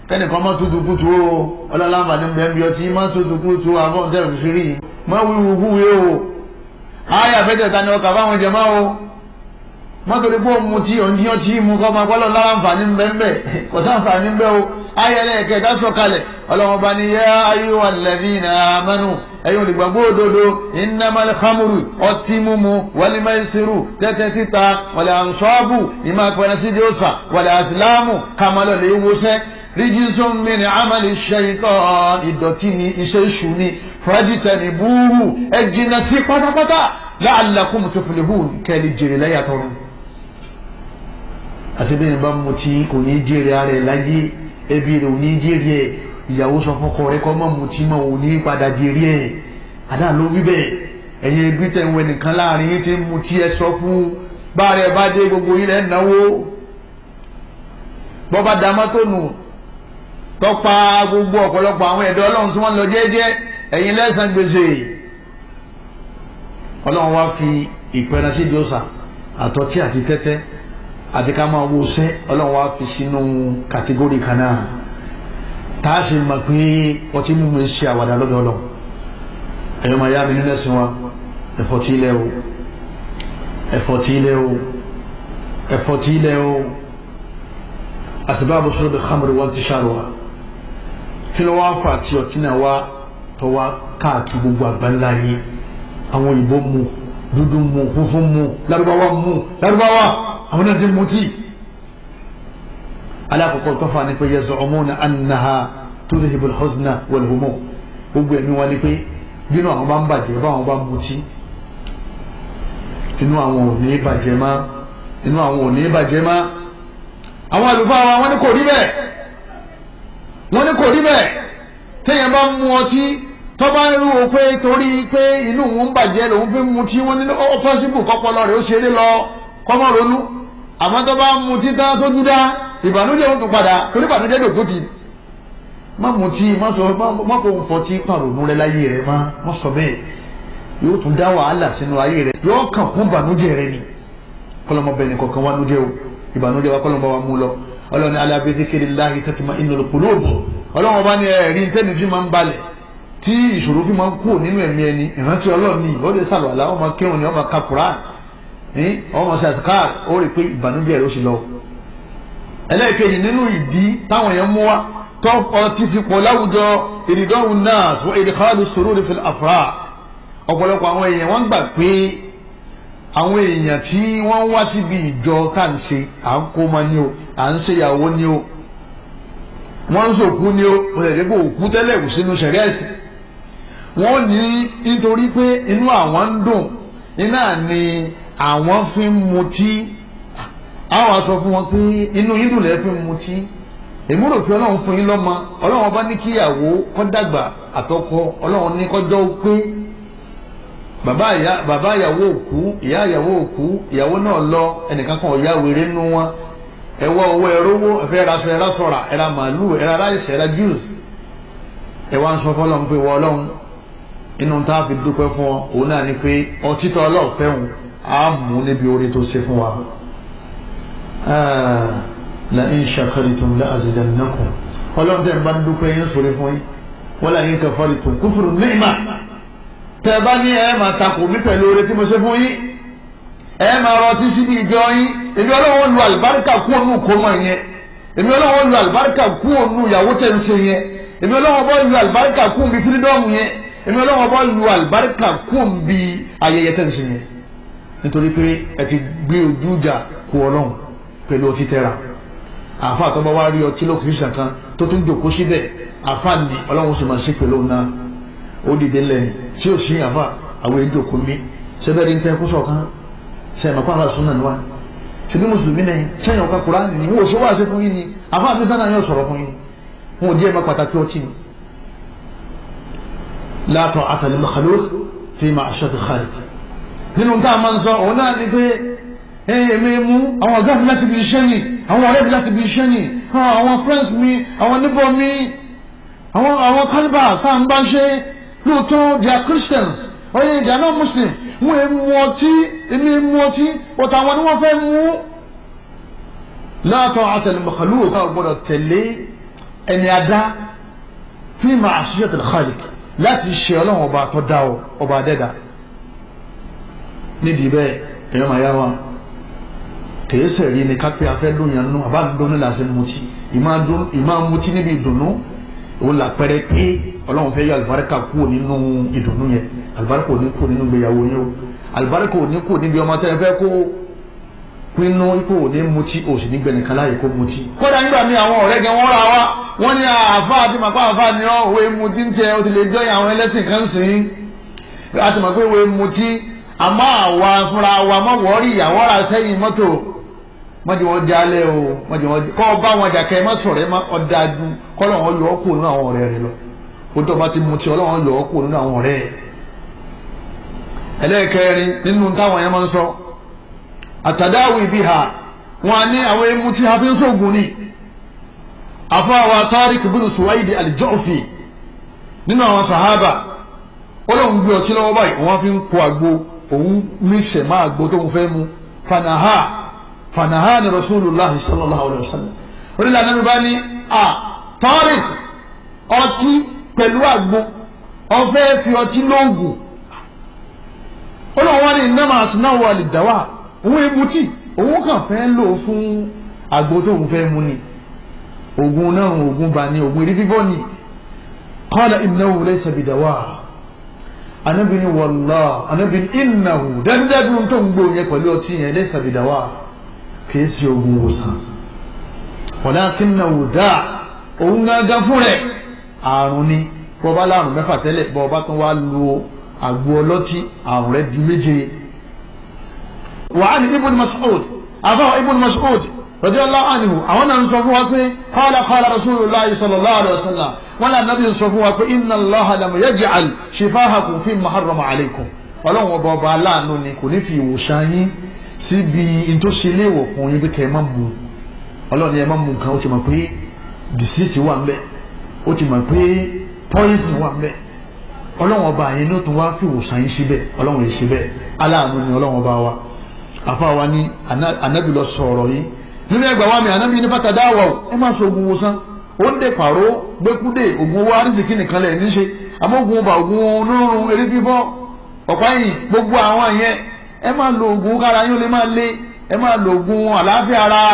kẹ́nìkan má tún dùkú tu o ọlọ́lá àmàlẹ́ mbẹ́mbí ọtí má tún dùkú tu àwọn ọ̀dẹ́rù àyà fẹ́tẹ̀ta ni ọkà fáwọn jẹ̀má o mọ́tòrí pé òun ti òun yán tí mu kọ́ máa pẹ́ lọ́nà lára nfààní ń bẹ́ ń bẹ́ kò sáǹfààní ń bẹ́ o àyà ẹlẹ́ẹ̀kẹ́ dáṣọ kalẹ̀ ọlọ́wọ́n bá ní yá ayé wà lẹ́bí iná amánú ẹ̀yin olùgbàgbọ́ òdodo innamal khamru ọtí mímu wal maisiru tẹ́tẹ́ títa wal ansọ́ọ̀bù ìmọ̀ àpẹẹrẹ sídìí ọ̀sà asilamu kàmálọ̀ lè wọ́sẹ́ ríjísùn mìíní amali ṣẹ́yìntàn ìdọ̀tí ni iṣẹ́ ìṣù ni fàájìtẹ̀lì búrú ẹ jìnnà sí pátápátá láàlàkùn tuflihun kẹ́lí jèrè lẹ́yà tọrọ. àti bí yẹn bá mu tí kò ní jèrè ara ẹ̀ láyé ẹbí rẹ̀ ò ní jèrè ẹ̀ ìyàwó sọ fún ọkọ rẹ̀ kọ́ mọ́ mu tí mọ́ ò ní padà jèrè ẹ̀ àdá ló wí bẹ́ẹ̀ ẹ̀yin ẹbí tẹ̀ nìkan láàrin yín ti mu tí ẹ sọ fún bá rẹ̀ bá dé gbogbo yín náwó bọ́ bá da mọ́tò nù tọ́pa gbogbo ọ̀pọ̀lọpọ̀ àwọn ẹ̀dọ́ ọlọ́run tí wọ́n lọ jẹ́jẹ́ ẹ̀yin lẹ́sàn gbèsè ọlọ́run wá fi ìpẹ́ran sí ìjọsà àtọ́tí àti tẹ́tẹ́ àti ká máa wo sẹ́ ọlọ́run wá fi sínú kàtígórì kan náà tá a sì mọ̀ pé ọtí mímu ṣe àwàdà lọ́dọ̀ ọlọ́run ẹ̀yọ́ mi nílẹ̀ sí wa ẹ̀fọ́ tí ilẹ̀ o ẹ̀fọ́ tí ilẹ̀ o ẹ̀fọ́ tí ilẹ̀ o asibaabu shurubi khamri wa intisharuha kí ló wá o tí ọ̀kínà wa gbogbo àgbáńlá yìí àwọn òyìnbó mu dudu mu funfun mu larubawa mu larubawa àwọn náà ti mu tí. alákòókò tọ́fà ni pé yẹsọ ọmọ annaha huzna wal gbogbo ẹ̀mí wa ni pé bínú àwọn bá ń bàjẹ́ báwọn bá mu ma inu wọ́n ní kò rí bẹ́ẹ̀ téèyàn bá mu ọtí tó bá ń rú o pé torí pé inú òun ń bàjẹ́ lòun fi ń mu tí wọ́n ní ó pọ́sibù kọ́pọlọ rẹ̀ ó ṣeré lọ kọ́mọ́ ronú àmọ́ tó bá ń mu títà tó dúdá ìbànújẹ́ òun tún padà torí ìbànújẹ́ dòkó ti má mu tí má sọ má kó ń fọtí pàrònú rẹ láyé rẹ má má sọ bẹ́ẹ̀ yóò tún dá wàhálà sínú ayé rẹ yóò kàn fún ìbànújẹ́ rẹ ni kọ́lọ́mọ bẹ́ẹ̀ ni kọ̀ọ̀kan wá nújẹ́ o ìbànújẹ́ wa kọ́lọ́mọ wa mú lọ ọlọ́run ní ala bi zikrillahi tatma'innul qulub ọlọ́run ọba ní ẹ̀rí tẹ́mi fi máa ń balẹ̀ tí ìṣòro fi máa ń kú nínú ẹ̀mí ẹni ìrántí ọlọ́run ni ìwọ́de sàlùwàlà ọmọ kírun ni ọmọ ka Qur'an ọmọ sàṣkàr ó rí pé ìbànújẹ́ rẹ̀ ó ṣe lọ. ẹlẹ́ẹ̀kejì nínú ìdí táwọn yẹn mú wa tó ọtí fi pọ̀ láwùjọ ìrìdọ́hùn náà fún ìdíkàlù àwọn èèyàn tí wọ́n wá síbi ìjọ tá à ń ṣe à ń kó ma ní o à ń ṣèyàwó ní o wọ́n ń sòkú ní o mo lè dẹ́gbẹ́ òkú tẹ́lẹ̀ kù sínú sẹ̀rẹ́ẹ̀sì wọ́n ní nítorí pé inú àwọn ń dùn iná ni àwọn fi ń mutí àwọn á fún wọn pé inú yín dùn fi ń mutí èmi pé ọlọ́run fún yín lọ́mọ ọlọ́run bá ní kíyàwó kó dàgbà àtọkọ ọlọ́run ní kọjọ́ pé bàbá ìyá bàbá ìyàwó òkú ìyá ìyàwó òkú ìyàwó náà lọ ẹnìkan kan ọ̀yá wèrè nú wọn ẹwọ́ owó ẹrówó ẹfẹ́ra fẹ́ra sọ̀ra ẹra màálù ẹra ráìsì ẹra jùs ẹwà ń sọ fọlọ́ ń pè wọ ọlọ́run inú tá a fi dúpẹ́ fún ọ òun náà ni pé ọtí tó ọlọ́ọ̀ fẹ́hùn á mú níbi orí tó ṣe fún wa. Ah, la in shakartum la azidannakum ọlọ́run tẹ̀ bá dúpẹ́ yín sórí fún yín wala in kafartum tẹ bá ní ẹ máa takò mí pẹ̀lú oore tí mo ṣe fún yín ẹ máa rọtí síbi ìjọ yín èmi ọlọ́wọ́ lu àlùbáríkà kú ònú kọ́mọ yẹn èmi ọlọ́wọ́ lu àlùbáríkà kú ònú ìyàwó tẹ̀ ń ṣe yẹn èmi ọlọ́wọ́ bọ́ lu àlùbáríkà kú ònbí fírídọ́ọ̀mù yẹn èmi ọlọ́wọ́ bọ́ lu àlùbáríkà kú ònbí ayẹyẹ tẹ̀ ń ṣe yẹn nítorí pé ẹ ti gbé ojú ìjà kú ọlọ́run pẹ̀lú ọtí tẹ́ra àfa àtọ́bọ̀ wá rí ọtí lókè ó dìde lẹ́ni tí ó sì yàn fà àwọn èjò kò mí sẹ́bẹ̀ rí nǹkan kóso kan sẹ́yìn ọ̀pá àlọ́ súnà níwá ṣebí mùsùlùmí náà sẹ́yìn ọ̀ka kúránì ni wọ́n sọ́wọ́ àṣẹ fún yín ni àfa àmì sánà yóò sọ̀rọ̀ fún yín wọn ò díẹ̀ má pàtàkì ọtí ni. látọ̀ àtàlẹ́ mọ̀kàló fi máa aṣọ ti xarik nínú tá a máa ń sọ òun náà ni pé èmi mú àwọn ọ̀gá mi láti bí iṣẹ́ ni àwọn ọ̀rẹ́ mi láti bí iṣẹ́ ni àwọn friends mi àwọn níbọ̀ mi àwọn kálíbà tá à ń bá ṣe lóòótọ́ they are Christians oye they are not Muslim wọn è mu ọtí èmi è mu ọtí ọ̀tà àwọn ni wọ́n fẹ́ mú látọ̀ àtẹlẹmọ̀kàlù ọ̀gá ọ̀gbọ́dọ̀ tẹ̀lé ẹni adá fi ma'asiyatil khaliq láti ṣe ọlọ́run ọba tó dá ọ ọba adẹ́dá nídìí bẹ́ẹ̀ ẹ̀yọ́ màá yá wa kìí sẹ̀rí ni kápẹ́ afẹ́ lóyún nínú àbá ń dún ní làásì mutí ìmáa mutí níbi ìdùnnú òun làpẹrẹ pé ọlọ́run fẹ́ yọ àlùbáríkà kúrò nínú ìdùnnú yẹn àlùbáríkà ò ní kúrò nínú ìgbéyàwó yẹn o àlùbáríkà ò ní kúrò níbi ọmọ tẹ́ ẹ fẹ́ kó pinnu ipò ò ní mutí o sì ní gbẹnìkan láàyè kó mutí. kódà nígbà míì àwọn ọ̀rẹ́ gan wọ́n ra wa wọ́n ní àáfà àti màpá àáfà ni ọ́ òwe mutí ń tẹ o ti lè jọyìn àwọn ẹlẹ́sìn kan sìn àti mọ̀ òwe mutí àmọ́ àwa fúnra wa mọ̀ wọ́ọ̀rì ìyàwó ra sẹ́yìn mọ́tò mọ́jú wọn jalè o mọ́jú wọn kọ́ bá wọn jà kẹ́ mọ́sọ̀rẹ́ mọ́ ọ̀dájú kọ́lọ́ wọn yọ ọ́ kó nínú àwọn ọ̀rẹ́ rẹ lọ kó tó bá ti mutí ọlọ́run yọ ọ́ kó nínú àwọn ọ̀rẹ́ ẹ̀ ẹlẹ́ẹ̀kẹrin nínú táwọn yẹn máa ń sọ àtàdáwì biha wọn á ní àwọn emu tí a fi ń sóògùn ni àfọwà Tariq bin Suwaidi al nínú àwọn sahaba ó gbé ọtí lọ́wọ́ báyìí wọ́n fi ń kó àgbo òun mixẹ̀ máa àgbo tó ń fẹ́ mu fanaha fanaha ni rasulullah sallallahu alayhi wa sallam orílẹ̀ anábìbá ní a tarik ọtí pẹ̀lú àgbo ọ̀fẹ́ fi ọtí lóògùn olóòwò ni iná máa sin náà wà lè dá wà òun èmu tì òun kàn fẹ́ lò fún àgbo tóun fẹ́ mu ni ògùn náà ògùn bá ní ògùn ìrífífọ́ ni qala innahu laysa bidawa anabi ni wàllá anabi ni innahu tó ń gbó yẹn pẹ̀lú ọtí yẹn laysa bidawa kìí ṣe ògùn wòsàn walakinnahu dá òun gángan fún rẹ̀ àrùn ni bọ́ bá láàrùn mẹ́fà tẹ́lẹ̀ bọ́ bá tún wá lu àgbo ọlọ́tí àrùn rẹ̀ di méje. wàhálì ibn Mas'ud àbáwọ̀ ibn Mas'ud radiyallahu anhu àwọn náà ń sọ fún wa pé qala qala rasulullah sallallahu alayhi wa sallam wọn náà nàbí ń sọ fún wa pé inna allaha lam yaj'al shifahakum fimma harrama alaykum ọlọ́run ọba ọba aláàánú ni kò ní fi ìwòsàn yín síbi ìtòsí ilé ìwòkùn yín bí kẹ́ ẹ má mu ọlọ́run ni má mu nǹkan ó ti mọ̀ pé dìsíìsì wà ń bẹ́ẹ̀ ó ti mọ̀ pé poison wà mẹ́ ọlọ́run ọba yẹn ló tún wá fi ìwòsàn yín síbẹ̀ ọlọ́run yìí síbẹ̀ aláàánú ni ọlọ́run ọba wa àfa wa ni anabi lọ sọ̀rọ̀ yìí nínú ẹgbà wa mi anabi ní bàtà dáwà o ẹ má so oògùn wòsàn ó ń dè pàró gbẹkúdè oògùn owó arísìkí nìkan lẹ̀ níṣe àmọ́ oògùn ọba oògùn onírúurú eré fífọ́ ọ̀pá yìí gbogbo àwọn yẹn ẹ má lo oògùn kára yín ó lè má le ẹ má lo oògùn àlàáfíà ara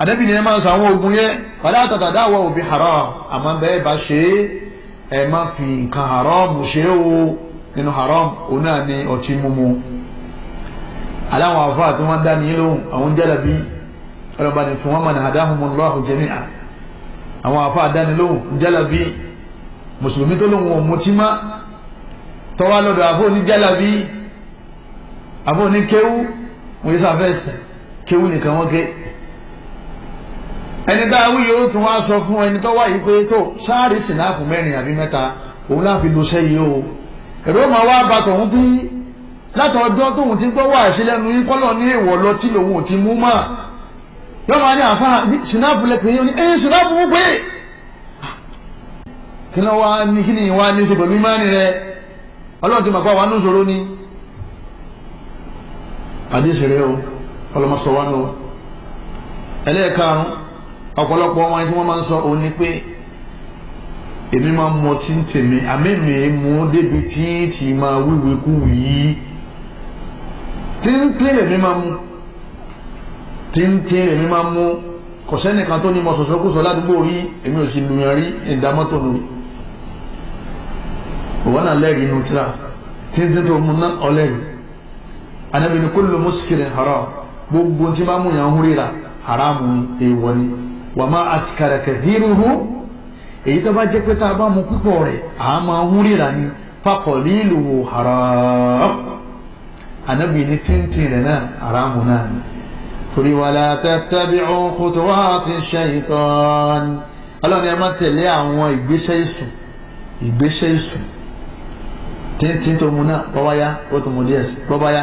àdẹ́bí ni ẹ máa sọ àwọn oògùn yẹn padà àtàtà dáwọ́ òbí haram àmọ́ bẹ́ẹ̀ bá ṣe é ẹ má fi nǹkan haram ṣe é o nínú haram òun náà ni ọtí mímu aláwọn àfáà tí wọ́n dá ní lóhùn àwọn jẹ́dàbí ọlọ́ba ní fún wọn mọ̀ ní hadahumullahu jami'a àwọn àfáà dá ní lóhùn jẹ́dàbí mùsùlùmí tó lóhùn wọn mutí má tọ́wá lọ́dọ̀ àfọ́ ní jẹ́dàbí àfọ́ ní kéwú wọ́n yẹ sáfẹ́sì kéwú nìkan wọ́n gé. ẹni tá a wí yóò tún wá sọ fún ẹni tó wá yìí pé tó sáàrì sìnáàpù mẹ́rin àbí òun o èrò ma wá ba tòun bí lati ọjọ́ tóun ti gbọ́ wà sílẹ̀nu yín kọ́lọ̀ ní èèwọ̀ lọ tí lòun ò ti mú mà yóò máa ní àfa yóò ní kí ní kí ni ìwà ní rẹ ọlọ́run ti mọ̀ pé àwọn ni àdìsí rẹ o wa ọ̀pọ̀lọpọ̀ wọn tí wọ́n máa ń sọ òun ni pé èmi máa ń mọtí ń tèmi àmẹ́mi mú débi tí tì máa wíwe kú yìí tíntín lèmi máa mú tíntín lèmi máa mú kò sẹ́nìkan tó ní mọ sọ̀sọ́ kú sọ ládùúgbò rí èmi ò sì lùyàn rí ìdámọ́tò nù rí òwò náà lẹ́rìí inú tíra tíntín tó mú ná ọlẹ́rìí anábìnrin kúlù muskirin gbogbo tí máa mú yàn ń ríra haram èèwọ̀ ni wàmà àsìkàrà kẹ̀dírùhù èyí tó bá jẹ́ pé tá a bá mu púpọ̀ rẹ̀ a máa ń ríra ni fakọ̀lì ìlú haram anabi ní tíntín rẹ̀ náà haramu náà ni torí wàlá tattabi'u khutuwati shaytan ọlọ́run ẹ má tẹ̀lé àwọn ìgbésẹ̀ ìsùn ìgbésẹ̀ ìsùn tíntín tó mu náà bọ́báyá ó tó mu díẹ̀ sí bọ́báyá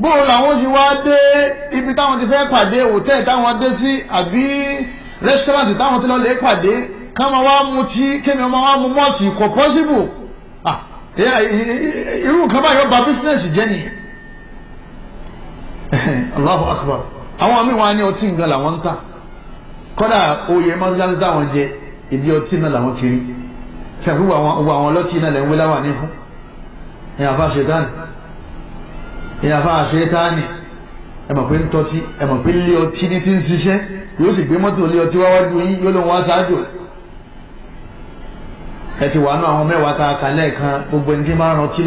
bóun làwọn ṣe wá dé ibi táwọn ti fẹ́ pàdé hòtẹ́ẹ̀ táwọn dé sí àbí rẹ́sítọ́rántì táwọn ti lọ lè pàdé káwọn wá mu tí kémi ọmọ wá mu mọ́ọ̀tì kò pọ́síbù irú nǹkan báyọ̀ ba bísínẹ́sì jẹ́ nìyẹn Allahu akbar àwọn míì wọn á ní ọtí nǹkan làwọn ń ta kọ́dà oyè mọ́sálásí táwọn jẹ ìdí ọtí náà làwọn ti rí ṣàfihàn àwọn ọlọ́tí náà lẹ́ láwà ní fún ẹ̀yà fáṣetánì. ìyá fa àṣetáni ẹ mọ̀ pé ń tọ́tí ẹ mọ̀ ti ń ṣiṣẹ́ yóò sì gbé mọ́tò lé ọtí wáwájú yín yóò lóun wá ẹ ti wà àwọn tá a kà gbogbo ẹni tí máa ń rántí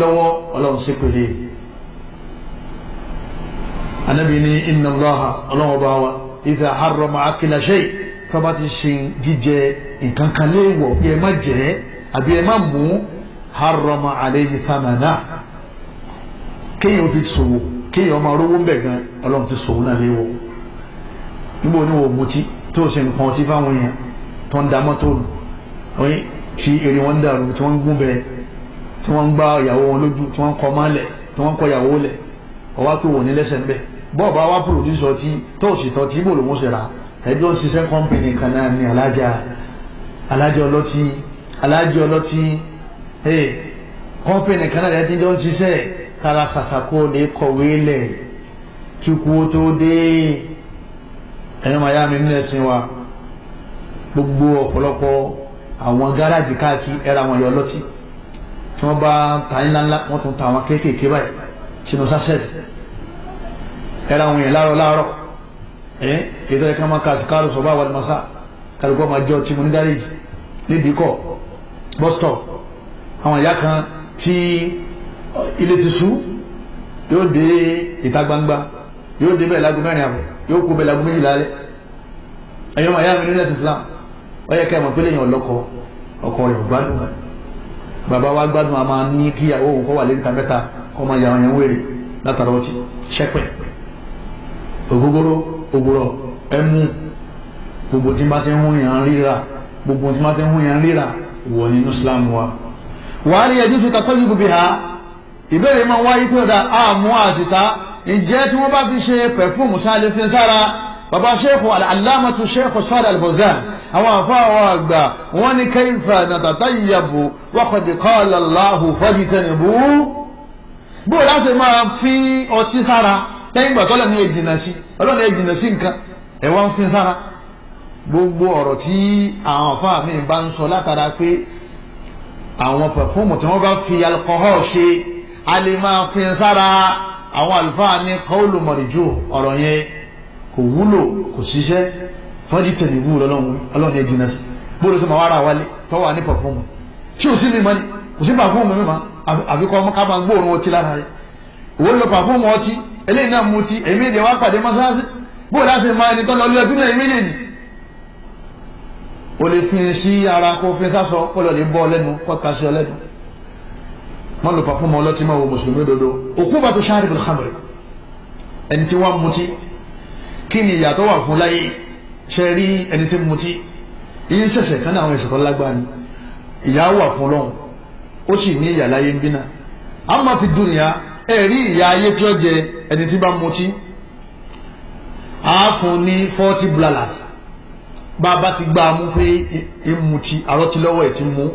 anabi ni inna ọba wa akila shay ti ṣe jíjẹ bí ẹ má jẹ àbí ẹ má mú kéèyàn ti ṣòwò kéèyàn máa rówó ń bẹ̀ gan ọlọ́run ti ṣòwò náà léwọ́ níbo ni wò mutí tó ṣe nǹkan ọtí fáwọn èèyàn tó ń da mọ́tò nù oyin tí èrè wọn ń dàrú tí wọ́n ń gún bẹ́ẹ̀ tí wọ́n ń gbá ìyàwó wọn lójú tí wọ́n ń kọ́ máa lẹ̀ tí wọ́n ń kọ́ ìyàwó lẹ̀ ọwá pé wọ́n ní lẹ́sẹ̀ ń bẹ̀ bọ́ọ̀bá wa pòròdúsọ tí tó sì tọ́ tí bò lòun ṣe ra ẹjọ́ ṣiṣẹ́ kọ́ńpìnì kan náà ni alájà alájọ ọlọ́tí alájọ ọlọ́tí kọ́ńpìnì kan náà ẹjọ́ ń ṣiṣẹ́ kára sàṣàkó lè kọ̀wé lẹ̀ kíkú tó dé ẹ̀yìn màyá mi nílẹ̀ sin wa gbogbo ọ̀pọ̀lọpọ̀ àwọn gáràjì káàkiri ẹ̀ra wọn yọ lọ́tí tí wọ́n bá ta yín ńláńlá wọ́n tún ta àwọn kéékèèké báyìí sínú sásẹ̀tì ẹ̀ra wọn yẹn láàárọ̀ láàárọ̀ ẹ̀ ètò ẹ̀ka máa ka sikaru sọ̀bá wà ní masá máa jọ tìmú ní gáréjì nídìí kọ̀ bọ́sítọ̀ àwọn ìyá kan tí ilé ti sú yóò dé ìta gbangba yóò dé bẹ́ẹ̀ lágùn mẹ́rin àbọ̀ yóò kó bẹ́ẹ̀ lágùn méjìlá rẹ̀ ẹ̀yọ́ màá yá mi nílẹ̀ Islam ó yẹ ká ẹ̀ mọ̀ pé lèèyàn lọ́kọ ọkọ rẹ̀ gbádùn bàbá wa gbádùn a máa ní kí ìyàwó òun kọ́ wà lẹ́nu ta mẹ́ta kọ́ máa ya àwọn yẹn wèrè látara ọtí ṣẹ́pẹ̀ ògógóró ògbòrò ẹmu gbogbo tí bá ti hún yàn ríra gbogbo tí bá ti hún yàn ríra ìwọ nínú Islam wa wàá rí ẹjú fi kakọ́ yìí bùbí ha ìbéèrè máa wáyé pé ọ̀dà àmú àṣìta ǹjẹ́ tí wọ́n bá fi ṣe pẹ̀fúmù sáálé fi sára bàbá sheikh alámàtú sheikh sọ́ọ̀dà albozan àwọn àfọwọ́ àgbà wọ́n ní kayfa natatayyabu wa qad qala Allahu fajtanibu bó láti máa fi ọtí sára lẹ́yìn ìgbà tọ́lẹ̀ ní èjìnà sí ọlọ́run èjìnà sí nǹkan ẹ̀wọ́n fi sára gbogbo ọ̀rọ̀ tí àwọn àfáà mi bá ń sọ látara pé àwọn pẹ̀fúmù tí wọ́n bá fi alcohol ṣe a Finsara, máa pin sára àwọn àlùfáà ní kọ́ọ̀lù mọ̀rìjú ọ̀rọ̀ yẹn kò wúlò kò ṣiṣẹ́ fọ́dí tẹ̀lé wú ọlọ́run yẹn jìnnà sí bóòlù sọ ma wá ra wálé tọ́wọ́ ní pọ̀fọ́ọ̀mù ṣé o sì ní mọ́ni kò sí pàfọ́ọ̀mù mi mọ́ àbíkọ́ ọmọ ká máa gbóòórùn ọtí lára rẹ̀ òun lọ pàfọ́ọ̀mù ọtí eléyìí náà mu ti èmi èdè wá pàdé mọ́sáàsì bóòlù àti ìmọ̀ ẹni tó lọ lé ọdún náà o lè fi sí ara kó fi sásọ kó lọ lè bọ́ ọ lẹ́nu kó má lo pàfọ́mù ọlọ́tí má wo mùsùlùmí dodo òkú bá tó sáré bìlú hamri ẹni tí wọ́n mutí kí ni ìyàtọ̀ wà fún láyé ṣe rí ẹni tí mutí iye ṣẹ̀ṣẹ̀ kan náà àwọn ìṣẹ̀tọ́ lágbára ni ìyà wà fún lọ́hùn ó sì ní ìyà láyé ń bínà àmọ́ fi dúnìyà ẹ̀rí ìyà ayé tí ó jẹ ẹni tí bá mutí àákùn ní forty blalas bá a bá ti gbá a mú pé ìmutí àrọ́tí lọ́wọ́ ẹ̀ ti mú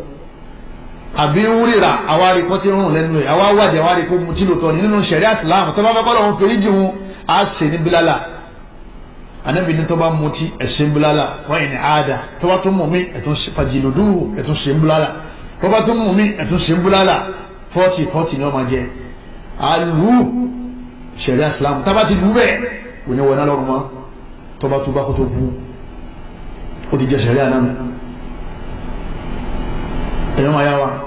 àbí wúrìrà àwárí kó ti rún lẹ́nu ẹ̀ àwa wàjẹ́ àwárí kó mutí lòtọ́ ni nínú sẹ̀rí àsìláàmù tó bá fẹ́ kọ́lọ́ òun fèrèjì wọn á sè ní bílálà anabi ní tó bá mutí ẹ̀sẹ̀ ń bílálà wọ́n yìí ní àádá tó bá tún mú mi ẹ̀tún fàjìnnìdú ẹ̀tún sè ń bílálà tó bá tún mú mi ẹ̀tún sè ń bílálà fọ́tì fọ́tì ni wọ́n máa jẹ àlù sẹ̀rí àsìláàmù tá bá ti lù bẹ́ẹ̀ kò ní wọná lọ́rùn máa yá wa.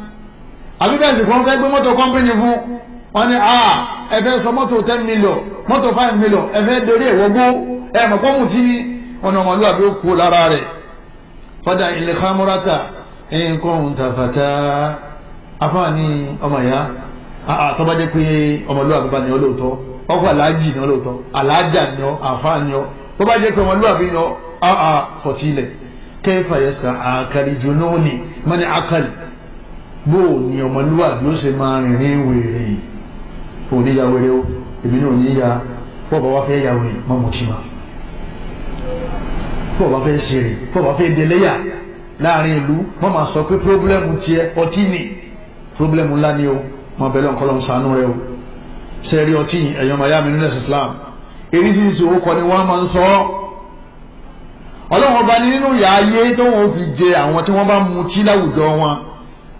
àbí bẹ́ẹ̀ sì fún fẹ́ gbé mọ́tò kọ́mpìnì fún wọn ni a ah, ẹ fẹ́ sọ mọ́tò ten million mọ́tò five million ẹ fẹ́ dorí ẹ̀wọ́gbó ẹ mọ̀ pọ́nmù tí ọ̀nà ọmọlúwàbí ó kú lára rẹ̀ fada ilẹ̀ kámúrátà ẹ̀yìn kọ́hún tàfàtà afáàní ọmọ ìyá àtọ́bàjẹ́ pé ọmọlúwàbí bá ní ọ lóòótọ́ ọkọ̀ aláàjì ní ọ lóòótọ́ aláàjà ní ọ àfáàní ọ tó bá jẹ́ pé ọmọlúwàbí ní ọ àà fọ̀tílẹ̀ kẹfà yẹsà àkàlì jùnúùnì bó o ní ọmọlúwàbí ó ṣe máa rìnrìn wèrè kò ya wèrè o èmi náà ní ya bọ́ọ̀bá wá fẹ́ ya wèrè mọ́ mọ́tì ma bọ́ọ̀bá fẹ́ ṣeré bọ́ọ̀bá fẹ́ dẹlẹ́yà láàrin ìlú wọ́n máa sọ pé pírọ́blẹ́mù tiẹ̀ ọtí ni pírọ́blẹ́mù ńlá ni o mọ bẹ́ẹ̀ lọ́nkọ́ lọ́n sànú rẹ o sẹ́ẹ̀rí ọtí ẹ̀yọ́ mayami nílẹ̀ Islam èrí sì ń sọ orúkọ ni wọ́n máa ń sọ ọ́ ọlọ́run ọba ní nínú ìyá ayé tó wọn fi jẹ àwọn tí wọ́n bá mutí láwùjọ wọn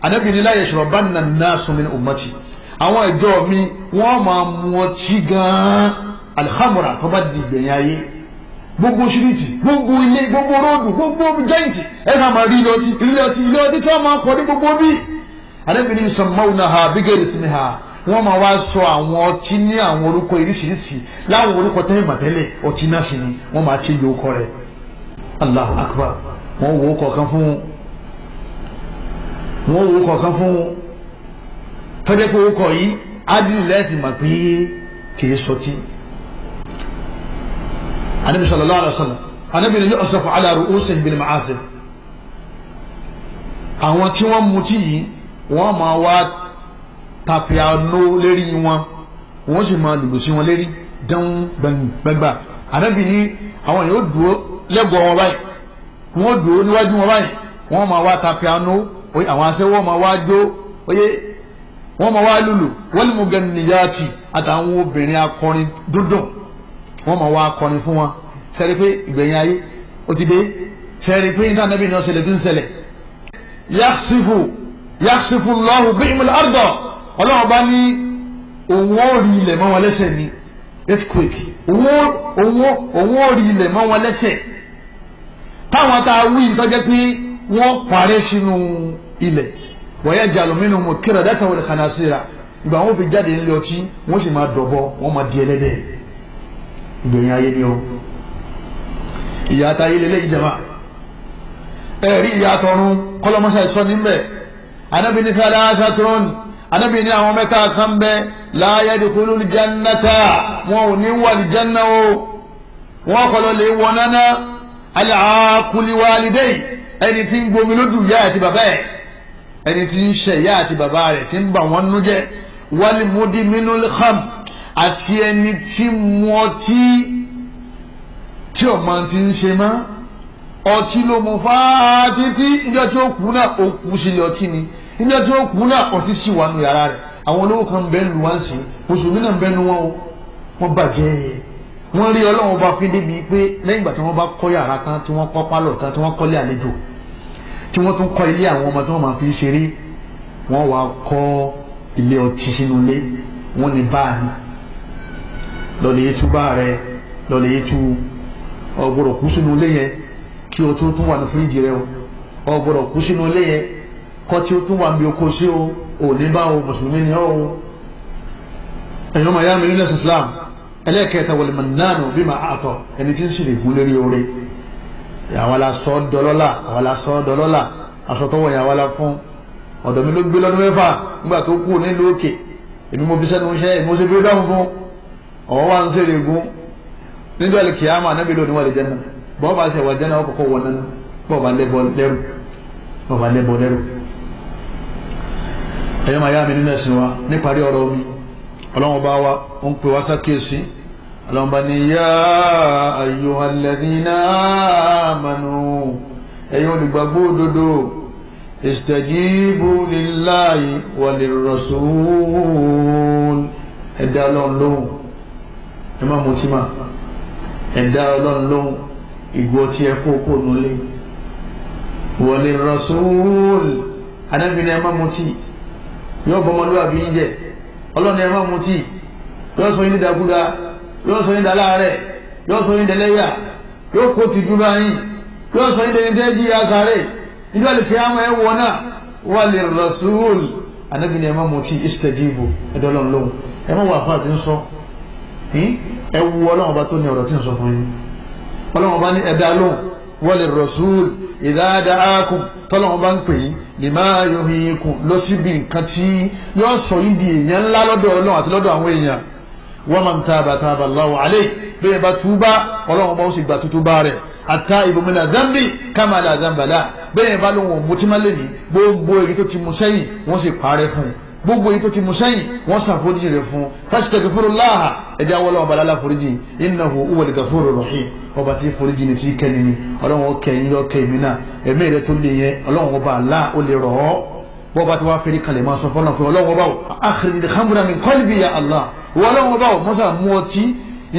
anabi ni la yashrabanna an-nasu min ummati àwọn ìjọ mi wọ́n máa mu ọtí gan-an alhamura tó bá di ìgbẹ̀yìn ayé gbogbo ṣíríìtì gbogbo ilé gbogbo róòdù gbogbo jẹ́ǹtì ẹ sá máa rí ilé ọtí ilé ọtí ilé ọtí tí wọ́n máa kọ́ ní gbogbo bí. anabi ni sọmọ́wùnà ha bígẹ́rì sí ni ha wọ́n máa wá sọ àwọn ọtí ní àwọn orúkọ oríṣiríṣi láwọn orúkọ tẹ́lẹ̀ mọ̀tẹ́lẹ̀ ọtí náà sì ni wọ́n máa ṣe ìyókọ rẹ̀ Allahu akbar wọ́n wò ó kọ̀ọ̀kan fún un wọn orúkọ kan fún wọn tọ́jẹ́ pé orúkọ yìí ádìlì lẹ́ẹ̀fì mà pé kìí sọtí anabi sallallahu alaihi wasallam anabi ni yóò sọfọ aláàrú ó sèyí bínú màá sè àwọn tí wọ́n mutí yìí wọ́n máa wá tapiano lérí wọn wọ́n sì máa lùlù sí wọn lérí dán gbẹgbà anabi ni àwọn yóò dúró lẹ́gbọ̀ọ́ wọn báyìí wọ́n dúró níwájú wọn báyìí wọ́n máa wá tapiano oye àwọn aṣẹ́wó ọmọ wa jó oye wọ́n máa wá lùlù wọ́n lè mú gẹ̀nìyàtì àtàwọn obìnrin akọrin dúndùn wọ́n máa wá akọrin fún wọn sẹ́rí pé ìgbẹ̀yìn ayé ó ti dé sẹ́rí pé iná nẹ́bí ni ọ̀sẹ̀lẹ̀ ti ń ṣẹlẹ̀ yaxifu yaxifu lọ́hùn bí ìmúlẹ̀ ọ̀dọ̀ ọlọ́run bá ní òun ó rí ilẹ̀ mọ́ wọn lẹ́sẹ̀ ní earthquake òun ó rí ilẹ̀ mọ́ wọn lẹ́sẹ̀ táwọn tá wí ìtọ́jẹ́ pé wọ́n parẹ́ sínú ilẹ̀ wọ́yá jalomínú mu kíra dáta wọlé kanasira ìgbà wọn fi jáde nílé ọtí wọ́n sì máa dọ̀bọ̀ wọ́n máa di ẹlẹ́dẹ̀ ìgbẹ̀yìn ayé ni o ìyàtà ilé lẹ́yìn jama ẹ̀rí ìyàtọ̀run kọ́lọ́mọ́sá ìsọ níbẹ̀ anábì ní sàlàsà tón anábì ní àwọn mẹ́ta kan bẹ́ láàyè dìkúlù jannata wọn ò ní wà ní janna o wọn kọlọ lè wọ nánà alẹ́ àkúlíwálidẹ́yì ẹni tí ń gbomi lójú ìyá àti bàbá ẹ̀ ẹni tí ń ṣe ìyá àti bàbá rẹ̀ tí ń bà wọ́n nú jẹ́ wálé múdí mínú kham àti ẹni tí mu ọtí tí ọmọ ti ń ṣe mọ́ ọtí ló mu fáá títí níjọ́ tí ó kú náà ó kú sílẹ̀ ọtí ni níjọ́ tí ó kú náà ọtí sì wà nù yàrá rẹ̀ àwọn olówó kan bẹ́ẹ̀ lù wá sí mùsùlùmí náà bẹ́ẹ̀ nu wọn o wọ́n bàjẹ́ wọ́n rí ọlọ́run bá fi débi pé lẹ́yìn ìgbà tí wọ́n bá kọ́ yàrá tán tí wọ́n kọ́ pálọ̀ tán tí wọ́n kọ́lé àlejò tí wọ́n tún kọ́ ilé àwọn ọmọ tí wọ́n máa fi ṣeré wọ́n wá kọ́ ilé ọtí sínú ilé wọ́n ní báàní lọ́lẹ̀ yìí tú bá rẹ lọ́lẹ̀ yìí tú ọgbọ́dọ̀ kú sínú ilé yẹn kí o tún wà ní fíríjì rẹ o ọgbọ́dọ̀ kú sínú ilé yẹn kọ́ tí o tún wà níbi oko sí o ò ní bá o mùsùlùmí ni o ẹ̀yọ́ màá yá mi nílẹ̀ Islam ẹlẹ́ẹ̀kẹta wọlé mọ̀ nánà bí màá àtọ̀ ẹni tí ń sì lè gún lérí oore àwọn aláṣọ dọlọ́là àwọn aláṣọ dọlọ́là aṣọ tọwọ́ yẹn àwọn aláfún ọ̀dọ̀ mi ló gbé lọ́dún mẹ́fà nígbà tó kú nílùú òkè èmi mo fi sẹ́nu iṣẹ́ èmi mo ṣe bí dáhùn fún ọ̀wọ́ wa ń ṣèrè gun níjọ́ ilé kìámà anábì lónìí wà lè jẹ́ náà bọ́ọ̀ bá ṣe wà jẹ́ náà ó kọ́kọ́ wọ náà bọ́ọ̀ bá lẹ́bọ lẹ́rù ẹ̀yọ́ màá yá mi nínú ẹ̀sìn wa níparí ọ̀rọ̀ mi ọlọ́run bá wa ó ń pè wá sákèésí ọlọ́mọba ni yá ayyuhalladhina amanu ẹ̀yin olùgbàgbọ́ òdodo istajibu lillahi walirrasul ẹ̀dá ọlọ́run lóhùn ẹ má mutí mà ẹ̀dá ọlọ́run lóhùn ìgbọ́ tí ẹ kó kó nulẹ̀ walirrasul anábìnrin ẹ má mutí yóò bọ́ ọmọlúwàbí yín jẹ ọlọ́run ẹ má mutí yóò sọ yín dídàkúdà yóò sọ yín dàlá rẹ̀ yóò sọ yín dẹlẹ́yà yóò kó tìjú bá yín yóò sọ yín dẹni dẹ́jì asáré níbi àlùfẹ́ àwọn ẹ̀wọ̀ náà wà lè rasul anabi ni ẹ má mutí istajibu ẹ̀dọ́ lọ́n lóhùn ẹ má wà fún àti ń ẹ wu ọlọ́wọ́n bá tó ní ọ̀rọ̀ tí ń fún yín ọlọ́wọ́n bá ní ẹ̀dá lóhùn wà rasul idha da'akum tọ́lọ́wọ́n bá ń pè yín lima yuhikum lọ síbi nǹkan tí yóò sọ yín di èèyàn ńlá lọ́dọ̀ ọlọ́run àti lọ́dọ̀ àwọn èèyàn wa man taba taba Allahu alayhi bẹ́ẹ̀ bá túbá ọlọ́run bá ó sì gbà tútúbá rẹ̀ at-taibu mina dhanbi kama la dhanba lahu bẹ́ẹ̀ bá lóun ò mutí má gbogbo èyí tó ti mu sẹ́yìn wọ́n sì parẹ́ fún gbogbo èyí tó ti mu sẹ́yìn wọ́n ṣàforíjì rẹ̀ fún un fastaghfirullaha ẹ̀dá wọlé ọba lálá foríjì innahu huwal ghafurur rahim ọba tí foríjì ni fi kẹ́ni ni ọlọ́run ó kẹ́yìn yọ kẹ́yìn náà ẹ̀mí rẹ̀ tó lè yẹn ọlọ́run ọba àlá ó lè rọ̀ ọ́ bọ́ba tí wàá fẹ́rí kalẹ̀ máa sọ fọlọ́n pé ọlọ́wọ́ báwo akhrij khamra min qalbi ya Allah ọlọ́wọ́ báwo mọ́sá mú ọtí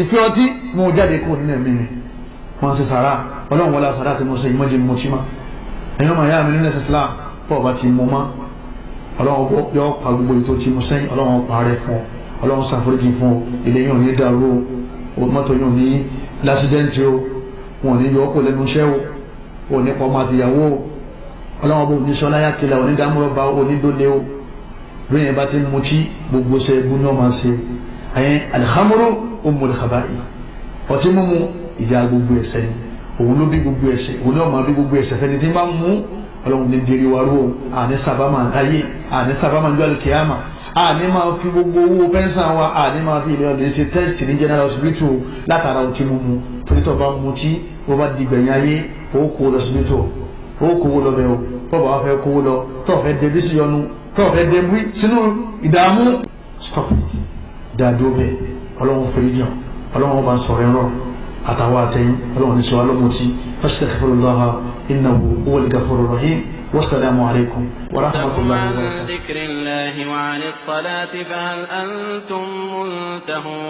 ìfẹ́ ọtí mú jáde kó nínú ẹ̀mí mi wọ́n ṣe sàrà ọlọ́wọ́ wọlé sàrà tí mo ṣe ìmọ̀jẹ̀ mi mo ma ẹ̀yọ́ màá yá mi nínú ẹ̀sẹ̀ Islam bọ́ọ̀ba ti mú ma ọlọ́wọ́ bọ́ yọ pa gbogbo ètò tí mo sẹ́yìn ọlọ́wọ́ pa rẹ fún ọlọ́wọ́ ọlọ́wọ́n bó ní sọláyà kìlà onídàmúrọ̀bá onídólé o lóyìn ẹ̀ bá ti mutí gbogbo ṣe ẹgbẹ́ ní ọmọ ṣe ẹ̀yẹn alihamuru umul khaba'i ọtí mímu ìyá gbogbo ẹ̀ṣẹ̀ ni òun ló bí gbogbo ẹ̀ṣẹ̀ òun náà máa bí gbogbo ẹ̀ṣẹ̀ fẹ́ni tí bá mú ọlọ́run ní dèrè wa ró àní sábàmà láyé àní sábàmà ní ọjọ́ kìámà àní máa fi gbogbo owó pẹ́ńsà wa àní máa fi ilé ọ̀lẹ́ ṣe tẹ́sítì ní general hospital látara ọtí mímu torítọ̀ bá mutí wọ́n bá dìgbẹ̀yìn ayé ó kó lọ síbítọ̀ ó kówó lọ bẹ́ẹ̀ o tọ́ba wa fẹ́ kówó lọ tọ́ fẹ́ dẹbi sí yọnu tọ́ fẹ́ dẹbi sínú ìdààmú stop it dàdó bẹ́ẹ̀ ọlọ́run fèrèdíàn ọlọ́run bá ń sọ̀rọ̀ àtàwọn àtẹ̀yìn ọlọ́run ní sọ alọ́mọtí astaghfirullah innahu huwal ghafurur rahim والسلام عليكم ورحمة الله وبركاته عن ذكر الله وعن الصلاة فهل